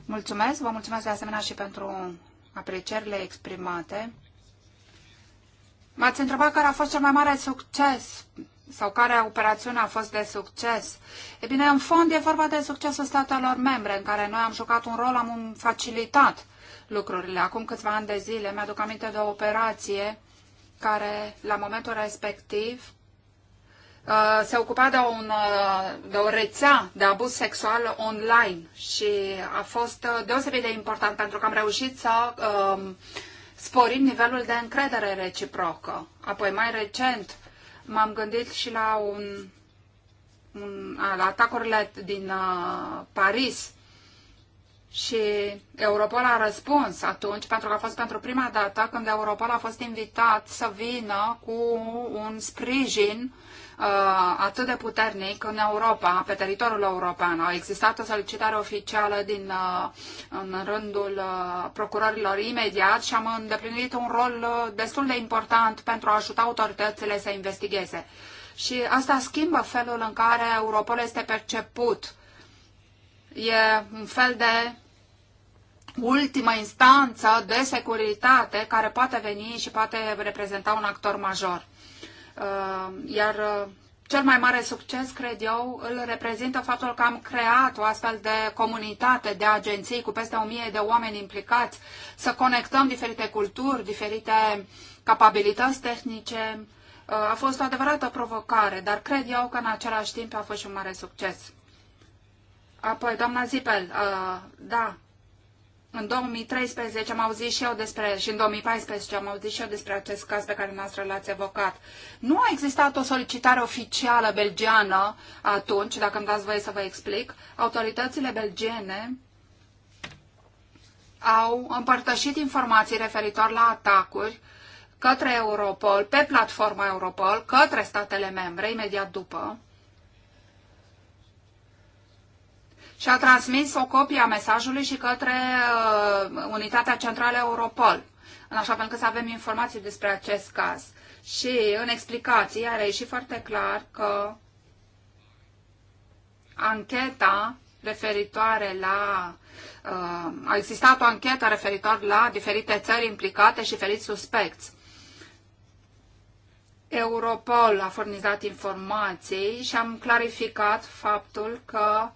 S3: Mulțumesc, vă mulțumesc de asemenea și pentru aprecierile exprimate. M-ați întrebat care a fost cel mai mare succes sau care operațiune a fost de succes. E bine, în fond e vorba de succesul statelor membre în care noi am jucat un rol, am facilitat lucrurile. Acum câțiva ani de zile mi-aduc aminte de o operație care la momentul respectiv uh, se ocupa de, un, uh, de o rețea de abuz sexual online și a fost uh, deosebit de important pentru că am reușit să um, sporim nivelul de încredere reciprocă. Apoi, mai recent, m-am gândit și la un, un la atacurile din uh, Paris, și Europol a răspuns atunci, pentru că a fost pentru prima dată când Europol a fost invitat să vină cu un sprijin uh, atât de puternic în Europa, pe teritoriul european. A existat o solicitare oficială din, uh, în rândul uh, procurorilor imediat și am îndeplinit un rol uh, destul de important pentru a ajuta autoritățile să investigheze. Și asta schimbă felul în care Europol este perceput uh, E un fel de ultimă instanță de securitate care poate veni și poate reprezenta un actor major. Uh, iar uh, cel mai mare succes, cred eu, îl reprezintă faptul că am creat o astfel de comunitate de agenții cu peste o mie de oameni implicați, să conectăm diferite culturi, diferite capabilități tehnice. Uh, a fost o adevărată provocare, dar cred eu că în același timp a fost și un mare succes. Apoi, doamna Zipel, uh, da, în 2013 am auzit și eu despre, și în 2014 am auzit și eu despre acest caz pe care noastră l-ați evocat. Nu a existat o solicitare oficială belgiană atunci, dacă îmi dați voie să vă explic. Autoritățile belgiene au împărtășit informații referitor la atacuri către Europol, pe platforma Europol, către statele membre, imediat după și a transmis o copie a mesajului și către uh, Unitatea Centrală Europol, în așa fel încât să avem informații despre acest caz. Și în explicații a reieșit foarte clar că ancheta referitoare la. Uh, a existat o anchetă referitor la diferite țări implicate și feriți suspecți. Europol a furnizat informații și am clarificat faptul că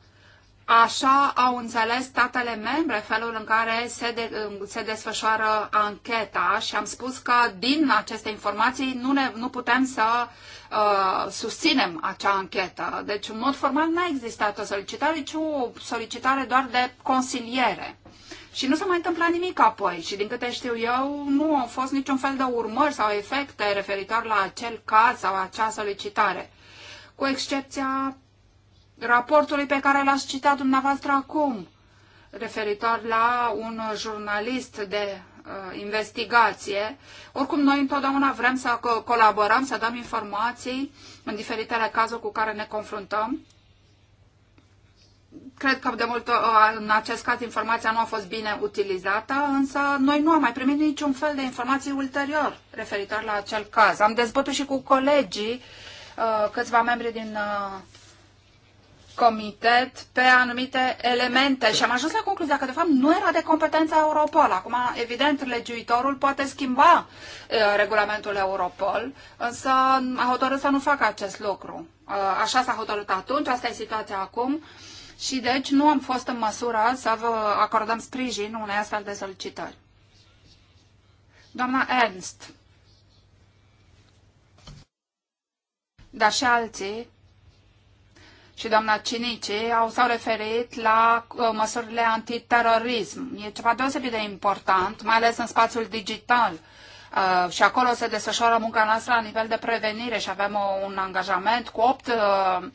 S3: Așa au înțeles statele membre felul în care se, de, se desfășoară ancheta și am spus că din aceste informații nu, ne, nu putem să uh, susținem acea anchetă. Deci, în mod formal, n-a existat o solicitare, ci o solicitare doar de consiliere. Și nu s-a mai întâmplat nimic apoi și din câte știu eu nu au fost niciun fel de urmări sau efecte referitor la acel caz sau acea solicitare, cu excepția raportului pe care l-ați citat dumneavoastră acum, referitor la un jurnalist de uh, investigație. Oricum, noi întotdeauna vrem să co colaborăm, să dăm informații în diferitele cazuri cu care ne confruntăm. Cred că de mult uh, în acest caz informația nu a fost bine utilizată, însă noi nu am mai primit niciun fel de informații ulterior referitor la acel caz. Am dezbătut și cu colegii, uh, câțiva membri din uh, comitet pe anumite elemente și am ajuns la concluzia că, de fapt, nu era de competența Europol. Acum, evident, legiuitorul poate schimba e, uh, regulamentul Europol, însă a hotărât să nu facă acest lucru. Uh, așa s-a hotărât atunci, asta e situația acum și deci nu am fost în măsură să vă acordăm sprijin unei astfel de solicitări. Doamna Ernst, dar și alții și doamna Cinice au, s-au referit la uh, măsurile antiterorism. E ceva deosebit de important, mai ales în spațiul digital. Uh, și acolo se desfășoară munca noastră la nivel de prevenire și avem o, un angajament cu opt uh,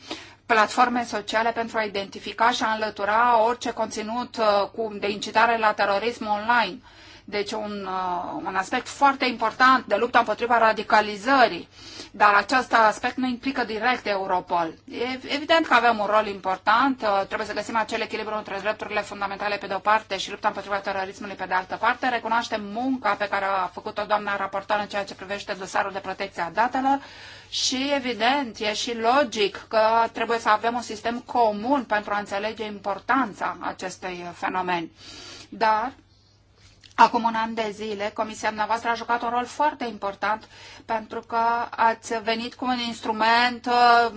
S3: platforme sociale pentru a identifica și a înlătura orice conținut uh, cu, de incitare la terorism online. Uh, deci un, uh, un aspect foarte important de lupta împotriva radicalizării. Dar acest aspect nu implică direct Europol. E evident că avem un rol important. Uh, trebuie să găsim acel echilibru între drepturile fundamentale pe de o parte și lupta împotriva terorismului pe de altă parte. Recunoaștem munca pe care a făcut-o doamna raportoare în ceea ce privește dosarul de protecție a datelor și, evident, e și logic că trebuie să avem un sistem comun pentru a înțelege importanța acestui fenomen. Dar Acum un an de zile, Comisia dumneavoastră a jucat un rol foarte important pentru că ați venit cu un instrument uh,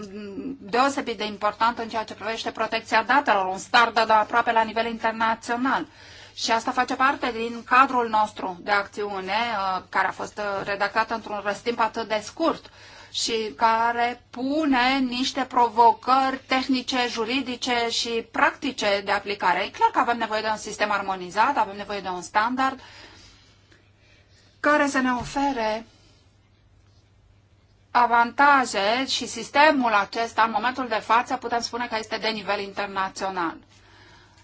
S3: deosebit de important în ceea ce privește protecția datelor, un standard aproape la nivel internațional. Și asta face parte din cadrul nostru de acțiune, uh, care a fost uh, redactat într-un răstimp atât de scurt și care pune niște provocări tehnice, juridice și practice de aplicare. E clar că avem nevoie de un sistem armonizat, avem nevoie de un standard care să ne ofere avantaje și sistemul acesta, în momentul de față, putem spune că este de nivel internațional.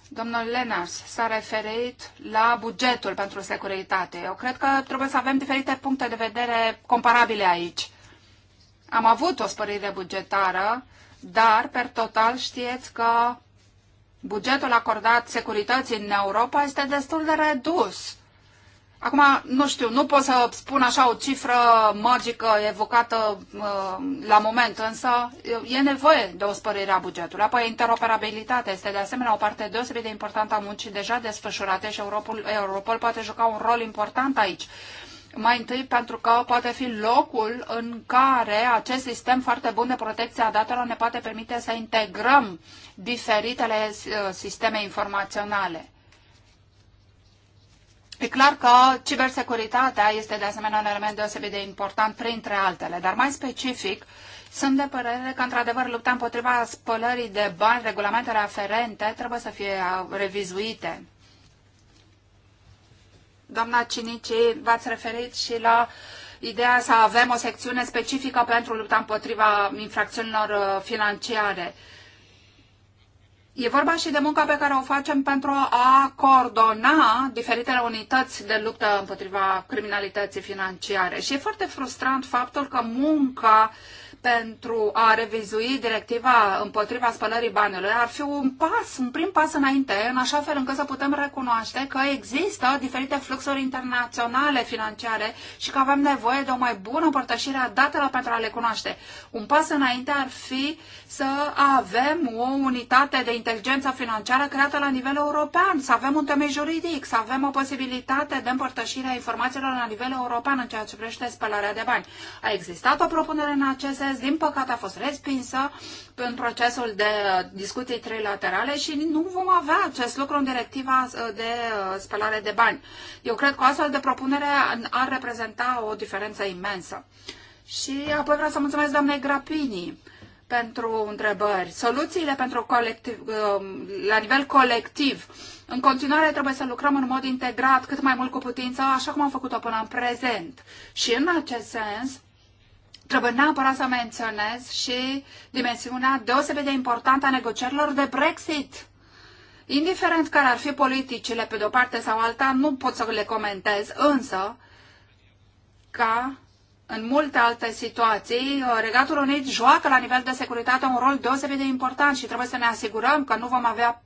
S3: Domnul Lenars s-a referit la bugetul pentru securitate. Eu cred că trebuie să avem diferite puncte de vedere comparabile aici. Am avut o spărire bugetară, dar, per total, știți că bugetul acordat securității în Europa este destul de redus. Acum, nu știu, nu pot să spun așa o cifră magică evocată uh, la moment, însă e nevoie de o spărire a bugetului. Apoi, interoperabilitatea este de asemenea o parte deosebit de importantă a muncii deja desfășurate și Europol, Europol poate juca un rol important aici. Mai întâi pentru că poate fi locul în care acest sistem foarte bun de protecție a datelor ne poate permite să integrăm diferitele uh, sisteme informaționale. E clar că cibersecuritatea este de asemenea un element deosebit de important, printre altele, dar mai specific, sunt de părere că, într-adevăr, lupta împotriva spălării de bani, regulamentele aferente trebuie să fie uh, revizuite. Doamna Cinici, v-ați referit și la ideea să avem o secțiune specifică pentru lupta împotriva infracțiunilor uh, financiare. E vorba și de munca pe care o facem pentru a coordona diferitele unități de luptă împotriva criminalității financiare. Și e foarte frustrant faptul că munca uh, pentru a revizui directiva împotriva spălării banilor ar fi un pas, un prim pas înainte, în așa fel încât să putem recunoaște că există diferite fluxuri internaționale financiare și că avem nevoie de o mai bună împărtășire a datelor pentru a le cunoaște. Un pas înainte ar fi să avem o unitate de inteligență financiară creată la nivel european, să avem un temei juridic, să avem o posibilitate de împărtășire a informațiilor la nivel european în ceea ce privește spălarea de bani. A existat o propunere în acest sens, Astăzi, din păcate, a fost respinsă în procesul de uh, discuții trilaterale și nu vom avea acest lucru în directiva uh, de uh, spălare de bani. Eu cred că o astfel de propunere ar reprezenta o diferență imensă. Și apoi vreau să mulțumesc doamnei Grapini pentru întrebări. Soluțiile pentru colectiv, la nivel colectiv. În continuare trebuie să lucrăm în mod integrat cât mai mult cu putință, așa cum am făcut-o până în prezent. Și în acest sens, Trebuie neapărat să menționez și dimensiunea deosebit de importantă a negocierilor de Brexit. Indiferent care ar fi politicile pe de-o parte sau alta, nu pot să le comentez, însă ca în multe alte situații, Regatul Unit joacă la nivel de securitate un rol deosebit de important și trebuie să ne asigurăm că nu vom avea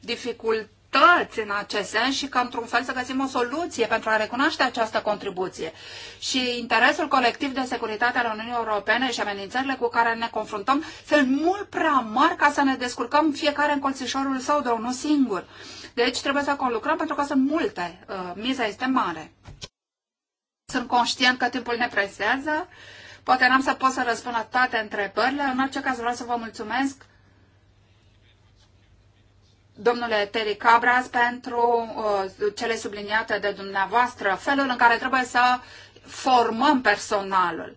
S3: dificultăți toți în acest sens și ca într-un fel să găsim o soluție pentru a recunoaște această contribuție. Și interesul colectiv de securitate al Uniunii Europene și amenințările cu care ne confruntăm sunt mult prea mari ca să ne descurcăm fiecare în colțișorul său de unul singur. Deci trebuie să conlucrăm pentru că sunt multe. Uh, Miza este mare. Sunt conștient că timpul ne presează. Poate n-am să pot să răspund la toate întrebările. În orice caz vreau să vă mulțumesc domnule Terry Cabras, pentru uh, cele subliniate de dumneavoastră, felul în care trebuie să formăm personalul.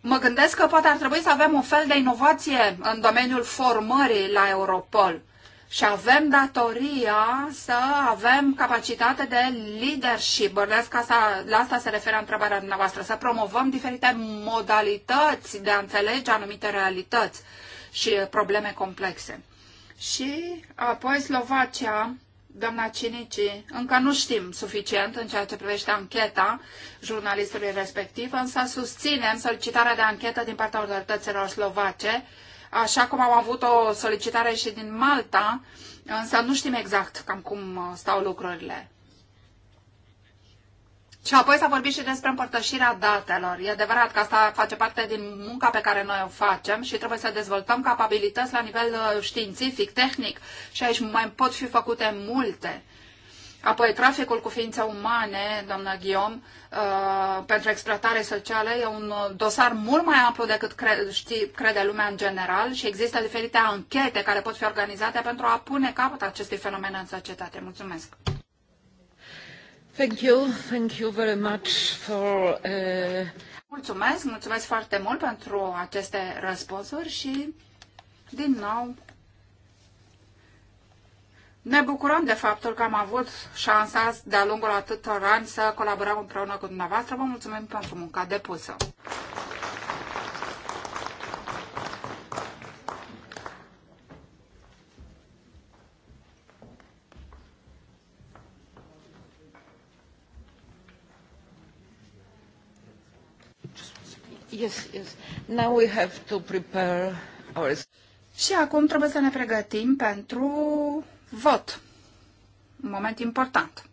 S3: Mă gândesc că poate ar trebui să avem un fel de inovație în domeniul formării la Europol. Și avem datoria să avem capacitate de leadership. Bărnesc asta, la asta se referă întrebarea dumneavoastră. Să promovăm diferite modalități de a înțelege anumite realități și probleme complexe. Și apoi Slovacia, doamna Cinici, încă nu știm suficient în ceea ce privește ancheta jurnalistului respectiv, însă susținem solicitarea de anchetă din partea autorităților slovace, așa cum am avut o solicitare și din Malta, însă nu știm exact cam cum uh, stau lucrurile. Și apoi s-a vorbit și despre împărtășirea datelor. E adevărat că asta face parte din munca pe care noi o facem și trebuie să dezvoltăm capabilități la nivel uh, științific, tehnic și aici mai pot fi făcute multe. Apoi, traficul cu ființe umane, doamna Ghiom, uh, pentru exploatare socială e un uh, dosar mult mai amplu decât cre- știi, crede lumea în general și există diferite anchete care pot fi organizate pentru a pune capăt acestui fenomen în societate. Mulțumesc! Uh, mulțumesc, mulțumesc foarte mult pentru aceste răspunsuri și, din nou, ne bucurăm de faptul că am avut șansa de-a lungul atâtor ani să colaborăm împreună cu dumneavoastră. Vă mulțumim pentru munca depusă. Yes, yes. Now we have to prepare our... Și acum trebuie să ne pregătim pentru vot. Un moment important.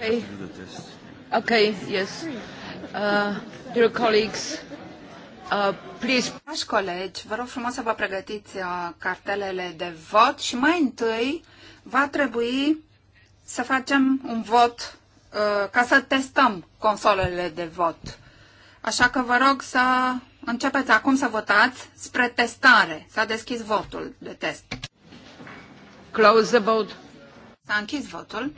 S3: Okay. Okay, yes. Uh, dear colleagues, uh, please. Dragi colegi, vă rog frumos să vă pregătiți uh, cartelele de vot și mai întâi va trebui să facem un vot uh, ca să testăm consolele de vot. Așa că vă rog să începeți acum să votați spre testare. S-a deschis votul de test. Close the vote. S-a închis votul.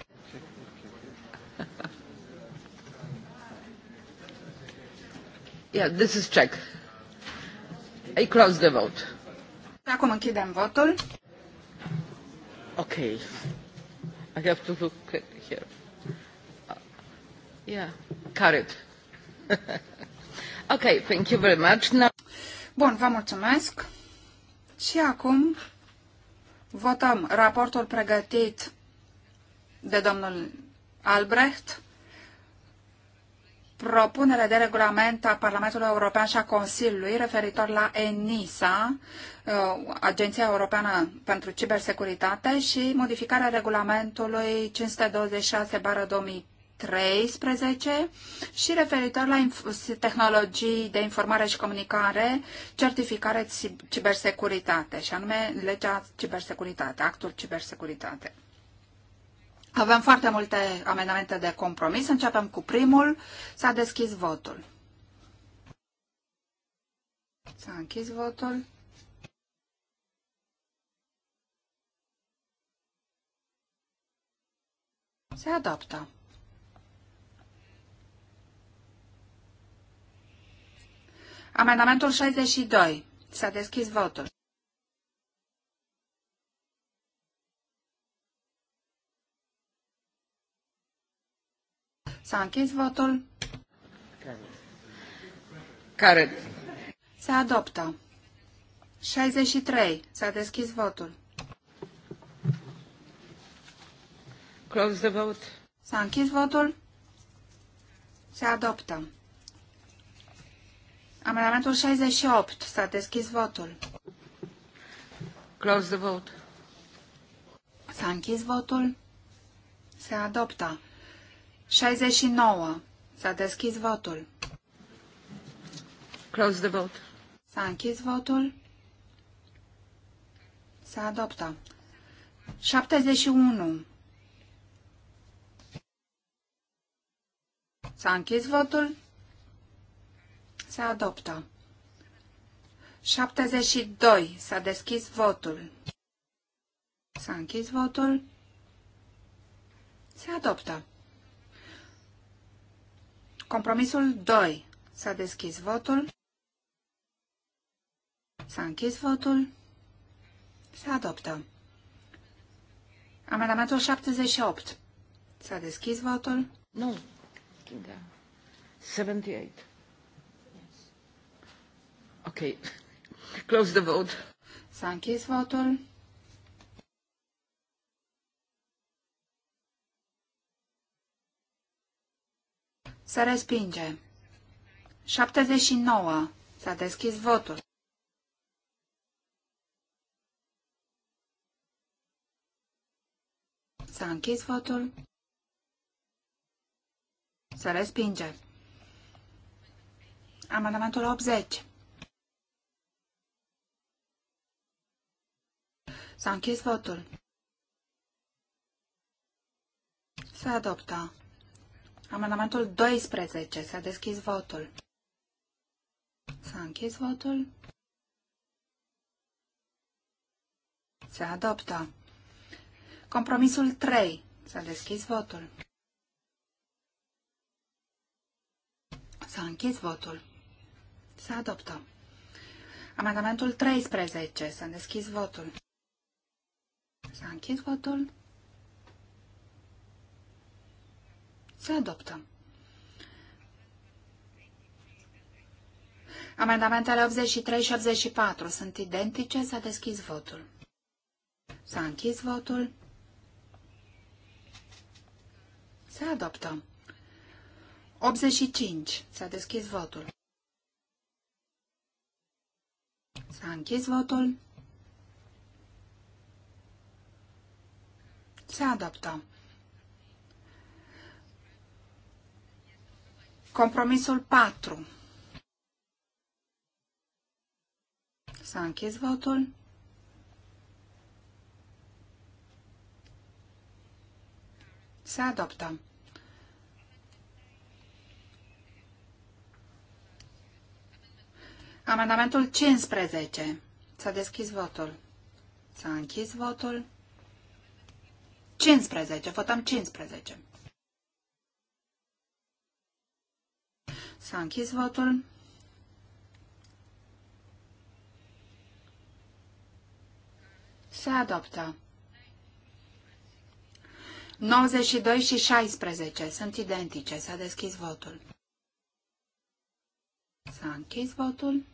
S3: Yeah, this is check.
S1: I close the vote.
S3: Acum închidem votul.
S1: Ok. I have to look here.
S2: Uh, yeah,
S1: carried.
S3: okay, thank
S2: you very much. Now...
S3: Bun, vă mulțumesc. Și acum votăm raportul pregătit de domnul Albrecht propunere de regulament a Parlamentului European și a Consiliului referitor la ENISA, uh, Agenția Europeană pentru Cibersecuritate, și modificarea regulamentului 526-2013 și referitor la tehnologii de informare și comunicare, certificare cibersecuritate, și anume legea cibersecuritate, actul cibersecuritate. Avem foarte multe amendamente de compromis. Începem cu primul. S-a deschis votul. S-a închis votul. Se adoptă. Amendamentul 62. S-a deschis votul. S-a închis votul. Care? Se adoptă. 63. S-a deschis votul. Close the vote. S-a închis votul. Se adoptă. Amendamentul 68. S-a deschis votul. Close the vote. S-a închis votul. Se adoptă. 69. S-a deschis votul. Close the vote. S-a închis votul. S-a adoptat. 71. S-a închis votul. Se adoptă. 72. S-a deschis votul. S-a închis votul. Se adoptă. Compromisul 2. S-a deschis votul. S-a închis votul. Se adoptă. Amendamentul 78. S-a deschis votul. Nu. Da. 78. Ok. Close the vote. S-a închis votul. Se respinge. 79. S-a deschis votul. S-a închis votul. Se respinge. Amendamentul 80. S-a închis votul. Se adoptă. Amendamentul 12. S-a deschis votul. S-a închis votul. Se adoptă. Compromisul 3. S-a deschis votul. S-a închis votul. Se adoptă. Amendamentul 13. S-a deschis votul. S-a închis votul. Se adoptă. Amendamentele 83 și 84 sunt identice. S-a deschis votul. S-a închis votul. Se adoptă. 85. S-a deschis votul. S-a închis votul. Se adoptă. Compromisul 4. S-a închis votul. Se adoptă. Amendamentul 15. S-a deschis votul. S-a închis votul. 15. Votăm 15. S-a închis votul. Se adoptă. 92 și 16 sunt identice. S-a deschis votul. S-a închis votul.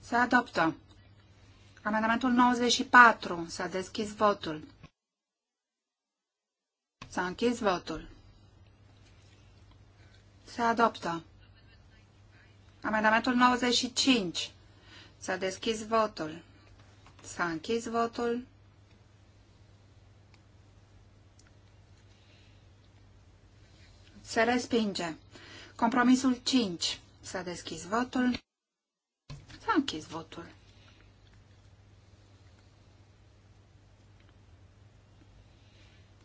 S3: Se adoptă. Amendamentul 94. S-a deschis votul. S-a închis votul. Se adoptă. Amendamentul 95. S-a deschis votul. S-a închis votul. Se respinge. Compromisul 5. S-a deschis votul. S-a închis votul.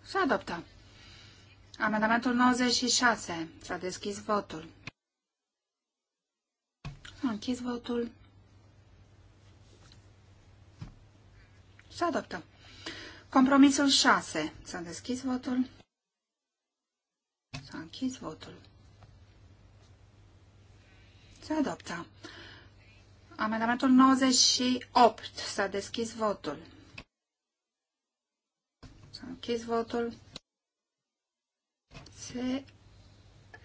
S3: Se adoptă. Amendamentul 96. S-a deschis votul. S-a închis votul. Se adoptă. Compromisul 6. S-a deschis votul. S-a închis votul. Se adoptă. Amendamentul 98. S-a deschis votul. S-a închis votul. Se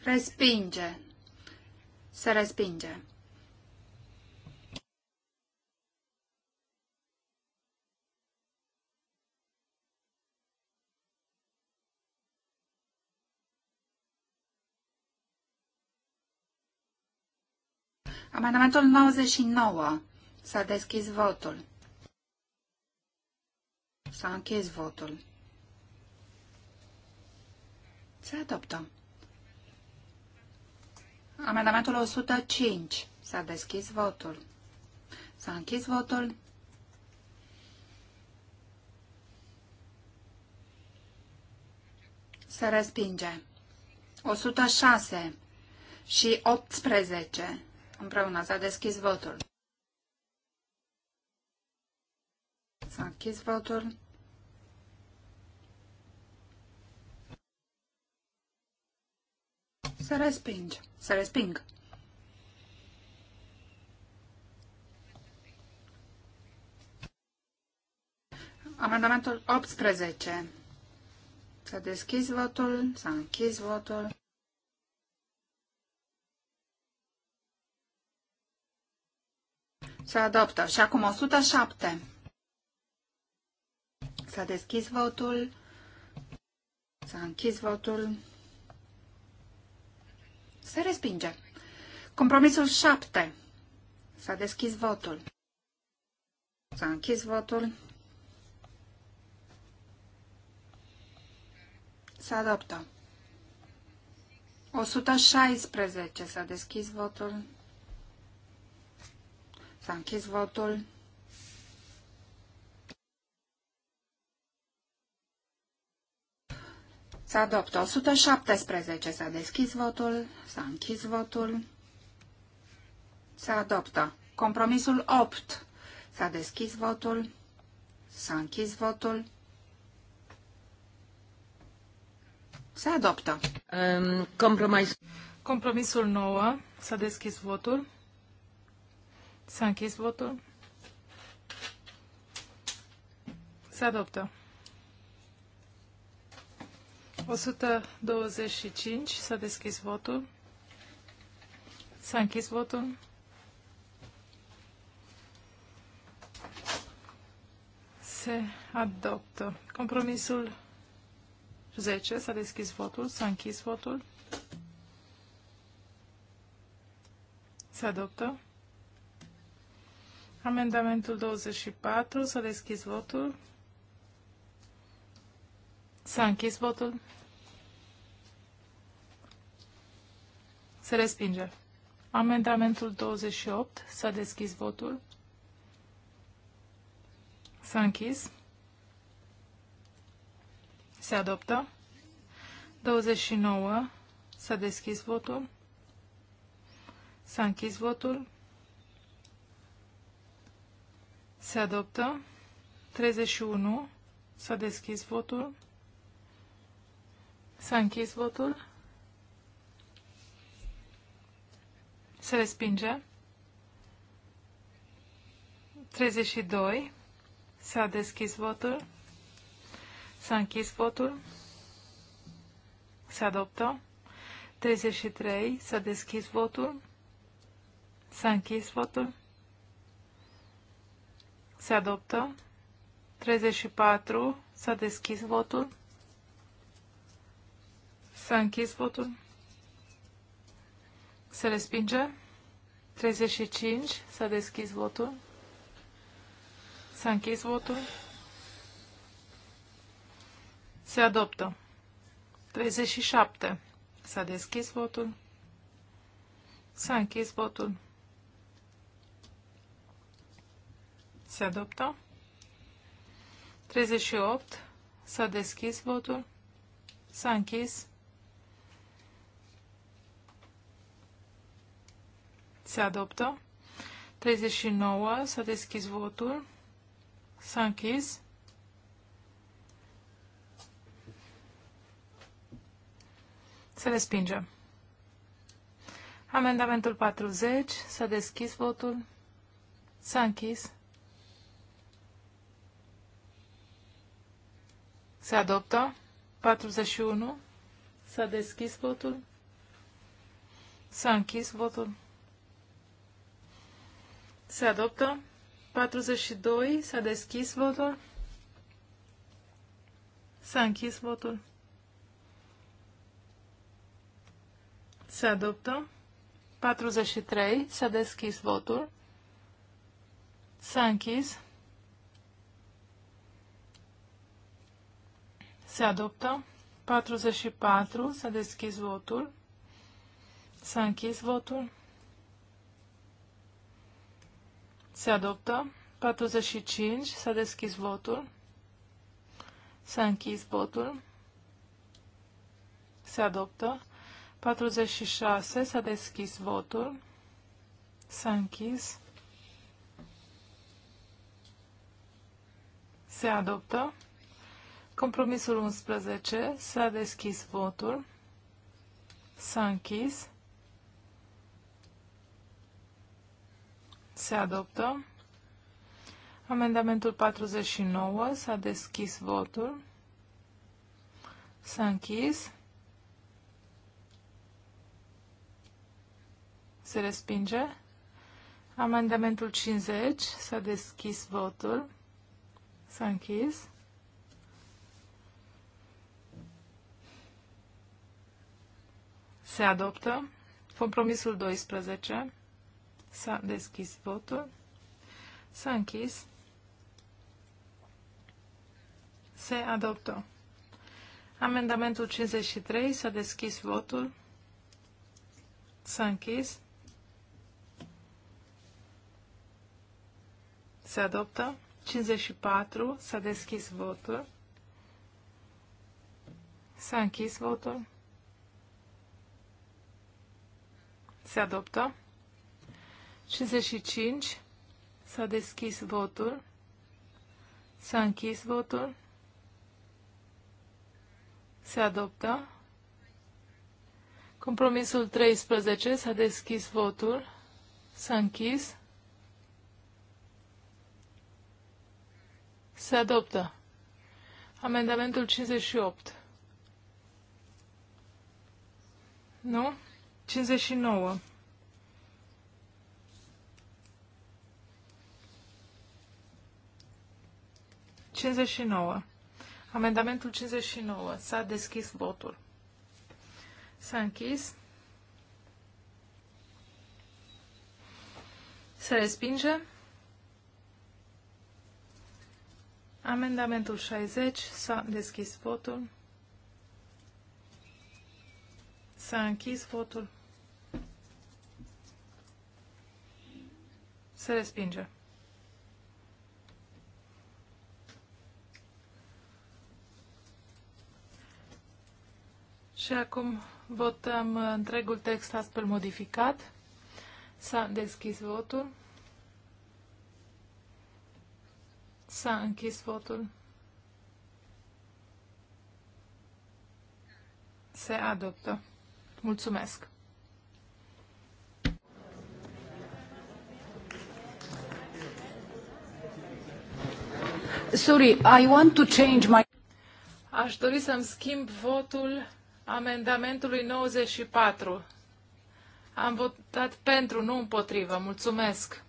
S3: respinge. Se respinge. Amendamentul 99. S-a deschis votul. S-a închis votul. Se adoptă. Amendamentul 105. S-a deschis votul. S-a închis votul. Se respinge. 106 și 18 împreună. S-a deschis votul. S-a închis votul. să resping, să resping. Amendamentul 18. Să deschizi votul, Să închizi votul. Se adoptă. Și acum 107. Să deschizi votul, Să închizi votul. Se respinge. Compromisul 7. S-a deschis votul. S-a închis votul. Se adoptă. 116. S-a deschis votul. S-a închis votul. Să adoptă. 117 s-a deschis votul, s-a închis votul, se adoptă. Compromisul 8 s-a deschis votul, s-a închis votul, se adoptă.
S2: Um, compromis. Compromisul 9 s-a deschis votul, s-a închis votul, se adoptă. 125. S-a deschis votul. S-a închis votul. Se adoptă. Compromisul 10. S-a deschis votul. S-a închis votul. Se adoptă. Amendamentul 24. S-a deschis votul. S-a închis votul. Se respinge. Amendamentul 28. S-a deschis votul. S-a închis. Se adoptă. 29. S-a deschis votul. S-a închis votul. Se adoptă. 31. S-a deschis votul. S-a închis votul. Se respinge. 32. S-a deschis votul. S-a închis votul. Se adoptă. 33. S-a deschis votul. S-a închis votul. Se adoptă. 34. S-a deschis votul. S-a închis votul. Se respinge. 35. S-a deschis votul. S-a închis votul. Se adoptă. 37. S-a deschis votul. S-a închis votul. Se adoptă. 38. S-a deschis votul. S-a închis. Se adoptă. 39. S-a deschis votul. S-a închis. Se respinge. Amendamentul 40. S-a deschis votul. S-a închis. Se adoptă. 41. S-a deschis votul. S-a închis votul. Se adoptă. 42. S-a deschis votul. S-a închis votul. Se adoptă. 43. S-a deschis votul. S-a închis. Se adoptă. 44. S-a deschis votul. S-a închis votul. Se adoptă. 45. S-a deschis votul. S-a închis votul. Se adoptă. 46. S-a deschis votul. S-a închis. Se adoptă. Compromisul 11. S-a deschis votul. S-a închis. Se adoptă. Amendamentul 49. S-a deschis votul. S-a închis. Se respinge. Amendamentul 50. S-a deschis votul. S-a închis. Se adoptă. Compromisul 12. S-a deschis votul. S-a închis. Se adoptă. Amendamentul 53. S-a deschis votul. S-a închis. Se adoptă. 54. S-a deschis votul. S-a închis votul. Se adoptă. 55. S-a deschis votul. S-a închis votul. Se adoptă. Compromisul 13. S-a deschis votul. S-a închis. Se adoptă. Amendamentul 58. Nu? 59. 59. Amendamentul 59. S-a deschis votul. S-a închis. Se respinge. Amendamentul 60. S-a deschis votul. S-a închis votul. Se respinge. Și acum votăm întregul text astfel modificat. S-a deschis votul. S-a închis votul. Se adoptă. Mulțumesc! Sorry, I want
S1: to change my...
S2: Aș dori să-mi schimb votul amendamentului 94. Am votat pentru, nu împotrivă. Mulțumesc.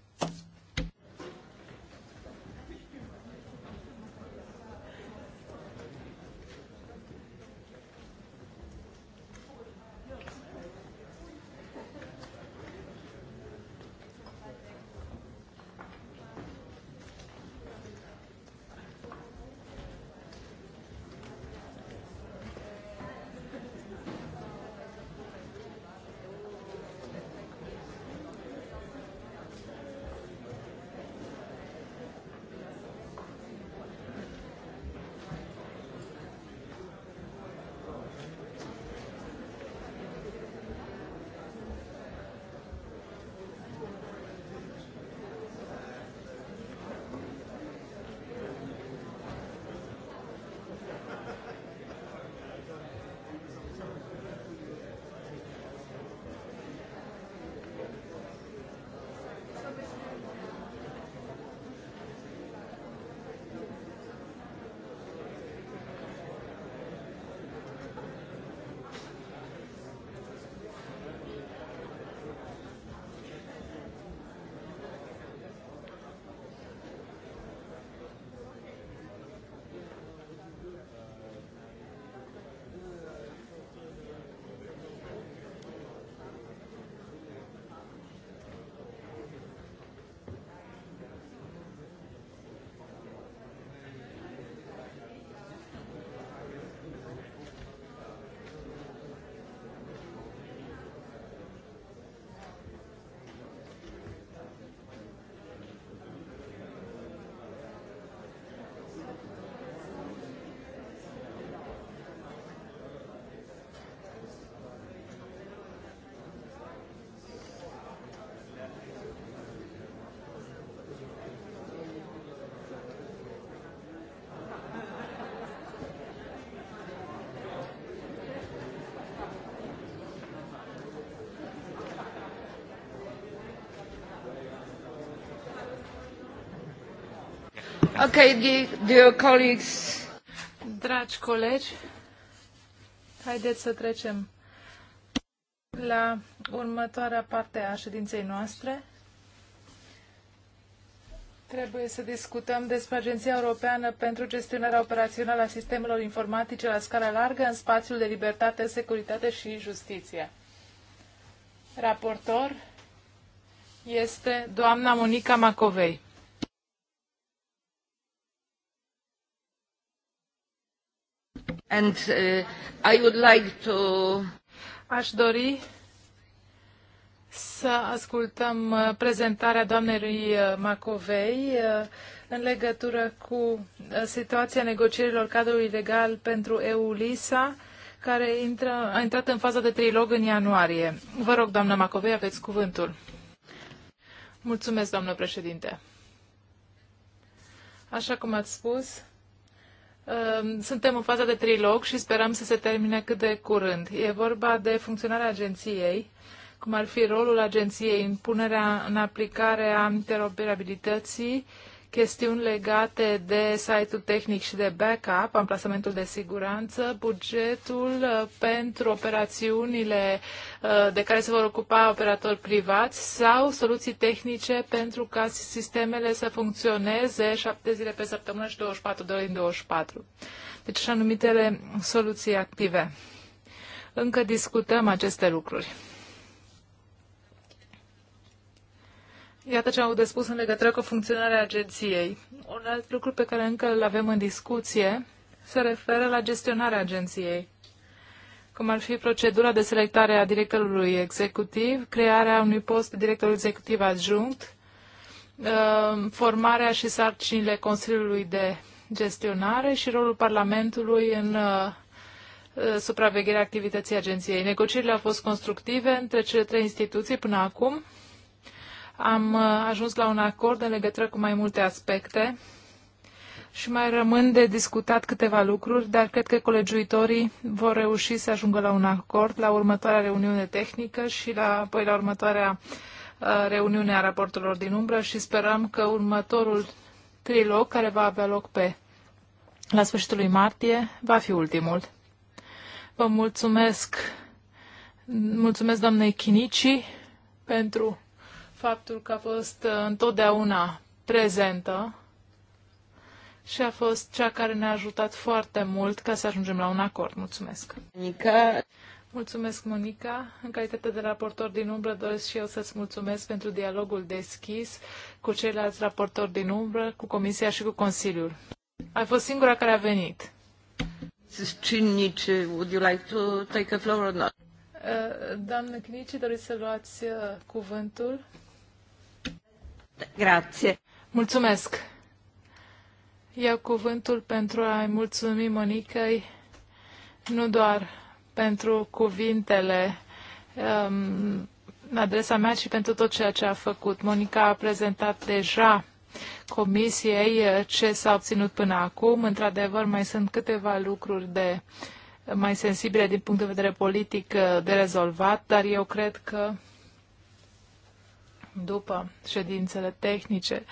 S2: Okay, dear colleagues. Dragi colegi, haideți să trecem la următoarea parte a ședinței noastre. Trebuie să discutăm despre Agenția Europeană pentru gestionarea operațională a sistemelor informatice la scară largă în spațiul de libertate, securitate și justiție. Raportor este doamna Monica Macovei. And uh, I would like to... Aș dori să ascultăm uh, prezentarea doamnei uh, Macovei uh, în legătură cu situația negocierilor cadrului legal pentru EU-LISA, care intră, a intrat în faza de trilog în ianuarie. Vă rog, doamna Macovei, aveți cuvântul. Mulțumesc, doamnă președinte. Așa cum ați spus, Ehm, suntem în faza de trilog și sperăm să se termine cât de curând. E vorba de funcționarea agenției, cum ar fi rolul agenției în punerea în aplicare a interoperabilității, chestiuni legate de site-ul tehnic și de backup, amplasamentul de siguranță, bugetul uh, pentru operațiunile uh, de care se vor ocupa operatori privați sau soluții tehnice pentru ca sistemele să funcționeze 7 zile pe săptămână și 24 de ore în 24. Deci așa numitele soluții active. Încă discutăm aceste lucruri. Iată ce am de spus în legătură cu funcționarea agenției. Un alt lucru pe care încă îl avem în discuție se referă la gestionarea agenției, cum ar fi procedura de selectare a directorului executiv, crearea unui post de director executiv adjunct, uh, formarea și sarcinile Consiliului de gestionare și rolul Parlamentului în uh, uh, supravegherea activității agenției. Negocierile au fost constructive între cele trei instituții până acum am uh, ajuns la un acord în legătură cu mai multe aspecte și mai rămân de discutat câteva lucruri, dar cred că colegiuitorii vor reuși să ajungă la un acord la următoarea reuniune tehnică și la, apoi la următoarea uh, reuniune a raporturilor din umbră și sperăm că următorul trilog care va avea loc pe la sfârșitul lui martie va fi ultimul. Vă mulțumesc, mulțumesc doamnei Chinici pentru faptul că a fost uh, întotdeauna prezentă și a fost cea care ne-a ajutat foarte mult ca să ajungem la un acord. Mulțumesc! Monica. Mulțumesc, Monica. În calitate de raportor din umbră, doresc și eu să-ți mulțumesc pentru dialogul deschis cu ceilalți raportori din umbră, cu Comisia și cu Consiliul. Ai fost singura care a venit. Cinnici, would you like to take a floor or not? Uh, doamnă Cnici, doriți să luați uh, cuvântul? Mulțumesc. Iau cuvântul pentru a-i mulțumi Monicăi nu doar pentru cuvintele um, în adresa mea, ci pentru tot ceea ce a făcut. Monica a prezentat deja comisiei uh, ce s-a obținut până acum. Într-adevăr, mai sunt câteva lucruri de mai sensibile din punct de vedere politic uh, de rezolvat, dar eu cred că după ședințele tehnice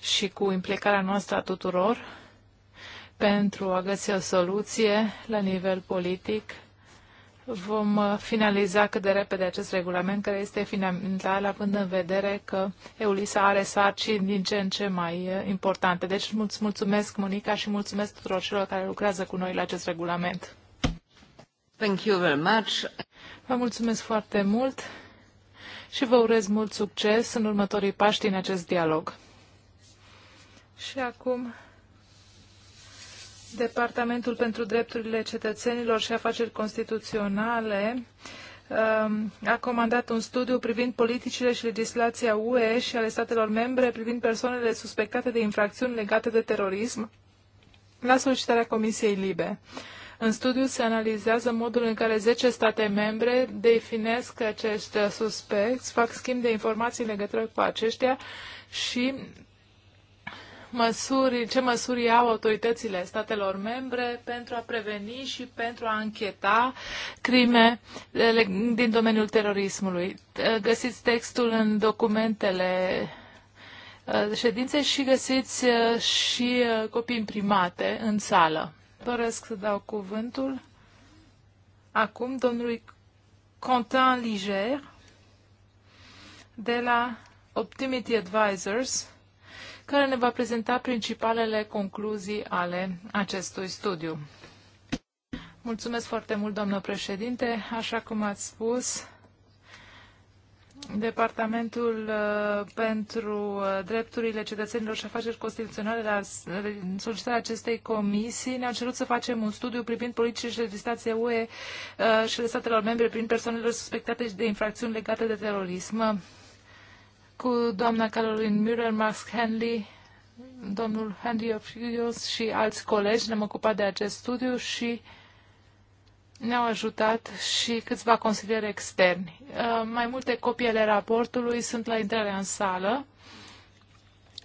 S2: și cu implicarea noastră a tuturor pentru a găsi o soluție la nivel politic. Vom uh, finaliza cât de repede acest regulament care este fundamental având în vedere că EULISA are sarcini din ce în ce mai uh, importante. Deci îți mulțumesc, Monica, și mulțumesc tuturor celor care lucrează cu noi la acest regulament. Thank you very much. Vă mulțumesc foarte mult și vă urez mult succes în următorii pași din acest dialog. Și acum, Departamentul pentru Drepturile Cetățenilor și Afaceri Constituționale um, a comandat un studiu privind politicile și legislația UE și ale statelor membre privind persoanele suspectate de infracțiuni legate de terorism la solicitarea Comisiei Libe. În studiu se analizează modul în care 10 state membre definesc acești suspecți, fac schimb de informații în legătură cu aceștia și măsuri, ce măsuri au autoritățile statelor membre pentru a preveni și pentru a încheta crime din domeniul terorismului. Găsiți textul în documentele uh, ședinței și găsiți uh, și uh, copii imprimate în sală doresc să dau cuvântul acum domnului Quentin Liger de la Optimity Advisors, care ne va prezenta principalele concluzii ale acestui studiu. Mulțumesc foarte mult, doamnă președinte. Așa cum ați spus, Departamentul uh, pentru uh, Drepturile Cetățenilor și Afaceri Constituționale la uh, solicitarea acestei comisii ne a cerut să facem un studiu privind politicile și legislația UE și ale statelor membre prin persoanele suspectate de infracțiuni legate de terorism cu doamna Caroline Müller, Max Henley, domnul Henry Ofius și alți colegi. Ne-am ocupat de acest studiu și uh, ne-au ajutat și câțiva consilieri externi. Uh, mai multe copii ale raportului sunt la intrare în sală,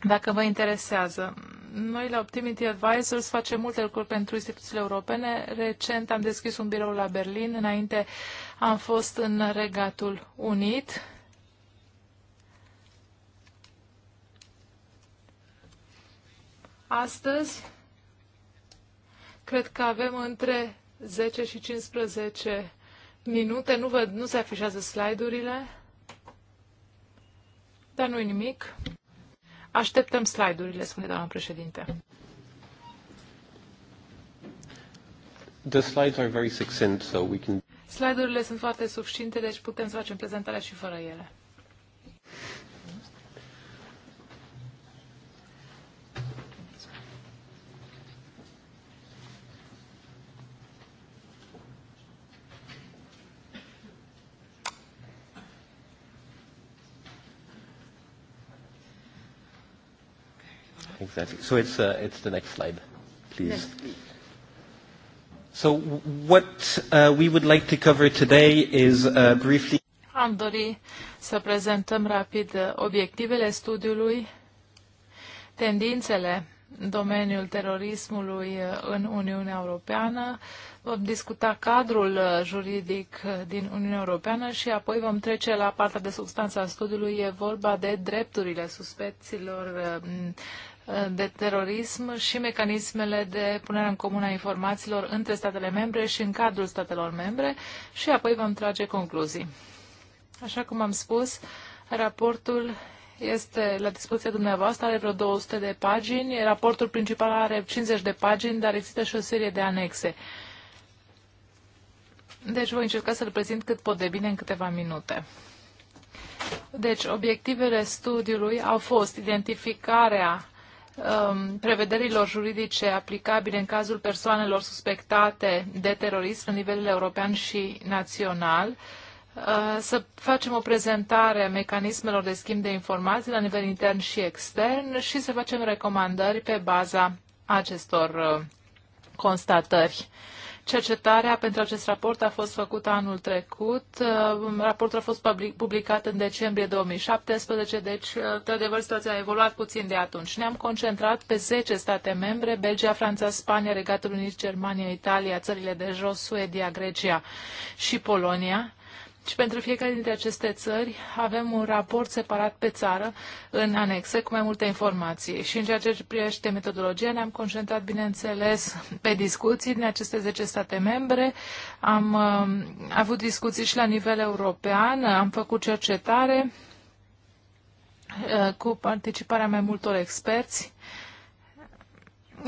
S2: dacă vă interesează. Noi la Optimity Advisors facem multe lucruri pentru instituțiile europene. Recent am deschis un birou la Berlin, înainte am fost în Regatul Unit. Astăzi, cred că avem între 10 și 15 minute. Nu, văd, nu se afișează slide-urile, dar nu-i nimic. Așteptăm slide-urile, spune doamna președinte.
S1: The slides are very succinct, so we can...
S2: Slide-urile sunt foarte succinte, deci putem să facem prezentarea și fără ele.
S4: exactly. So it's, uh, it's the next slide, please. Next, please.
S1: So what uh, we would like to cover today is
S2: uh, briefly... Am dori să prezentăm rapid uh, obiectivele studiului, tendințele în domeniul terorismului uh, în Uniunea Europeană, vom discuta cadrul uh, juridic din Uniunea Europeană și apoi vom trece la partea de substanță a studiului. E vorba de drepturile suspecților de terorism și mecanismele de punere în comun a informațiilor între statele membre și în cadrul statelor membre și apoi vom trage concluzii. Așa cum am spus, raportul este la dispoziția dumneavoastră, are vreo 200 de pagini. Raportul principal are 50 de pagini, dar există și o serie de anexe. Deci voi încerca să-l prezint cât pot de bine în câteva minute. deci, obiectivele studiului au fost identificarea Um, prevederilor juridice aplicabile în cazul persoanelor suspectate de terorism la nivel european și național, uh, să facem o prezentare a mecanismelor de schimb de informații la nivel intern și extern și să facem recomandări pe baza acestor uh, constatări. Cercetarea pentru acest raport a fost făcută anul trecut. Uh, raportul a fost publicat în decembrie 2017, deci, uh, într-adevăr, situația a evoluat puțin de atunci. Ne-am concentrat pe 10 state membre, Belgia, Franța, Spania, Regatul Unit, Germania, Italia, țările de jos, Suedia, Grecia și Polonia și pentru fiecare dintre aceste țări avem un raport separat pe țară în anexe cu mai multe informații. Și în ceea ce privește metodologia ne-am concentrat, bineînțeles, pe discuții din aceste 10 state membre. Am uh, avut discuții și la nivel european, am făcut cercetare uh, cu participarea mai multor experți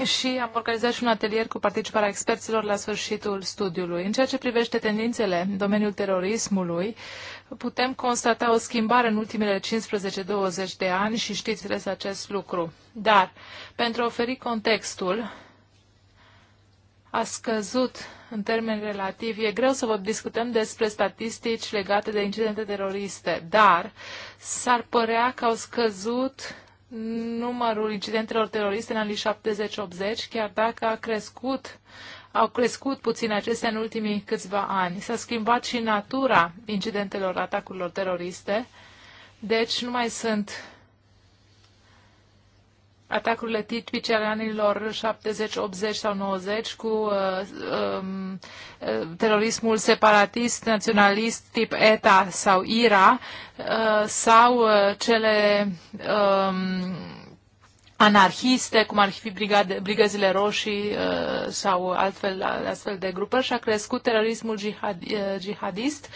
S2: și am organizat și un atelier cu participarea experților la sfârșitul studiului. În ceea ce privește tendințele în domeniul terorismului, putem constata o schimbare în ultimele 15-20 de ani și știți des acest lucru. Dar, pentru a oferi contextul, a scăzut în termeni relativi. E greu să vă discutăm despre statistici legate de incidente teroriste, dar s-ar părea că au scăzut numărul incidentelor teroriste în anii 70-80, chiar dacă a crescut, au crescut puțin acestea în ultimii câțiva ani. S-a schimbat și natura incidentelor atacurilor teroriste, deci nu mai sunt atacurile tipice ale anilor 70, 80 sau 90 cu uh, um, uh, terorismul separatist, naționalist tip ETA sau IRA uh, sau uh, cele um, anarhiste, cum ar fi brigade, brigăzile roșii uh, sau altfel, astfel de grupări și a crescut terorismul jihad, uh, jihadist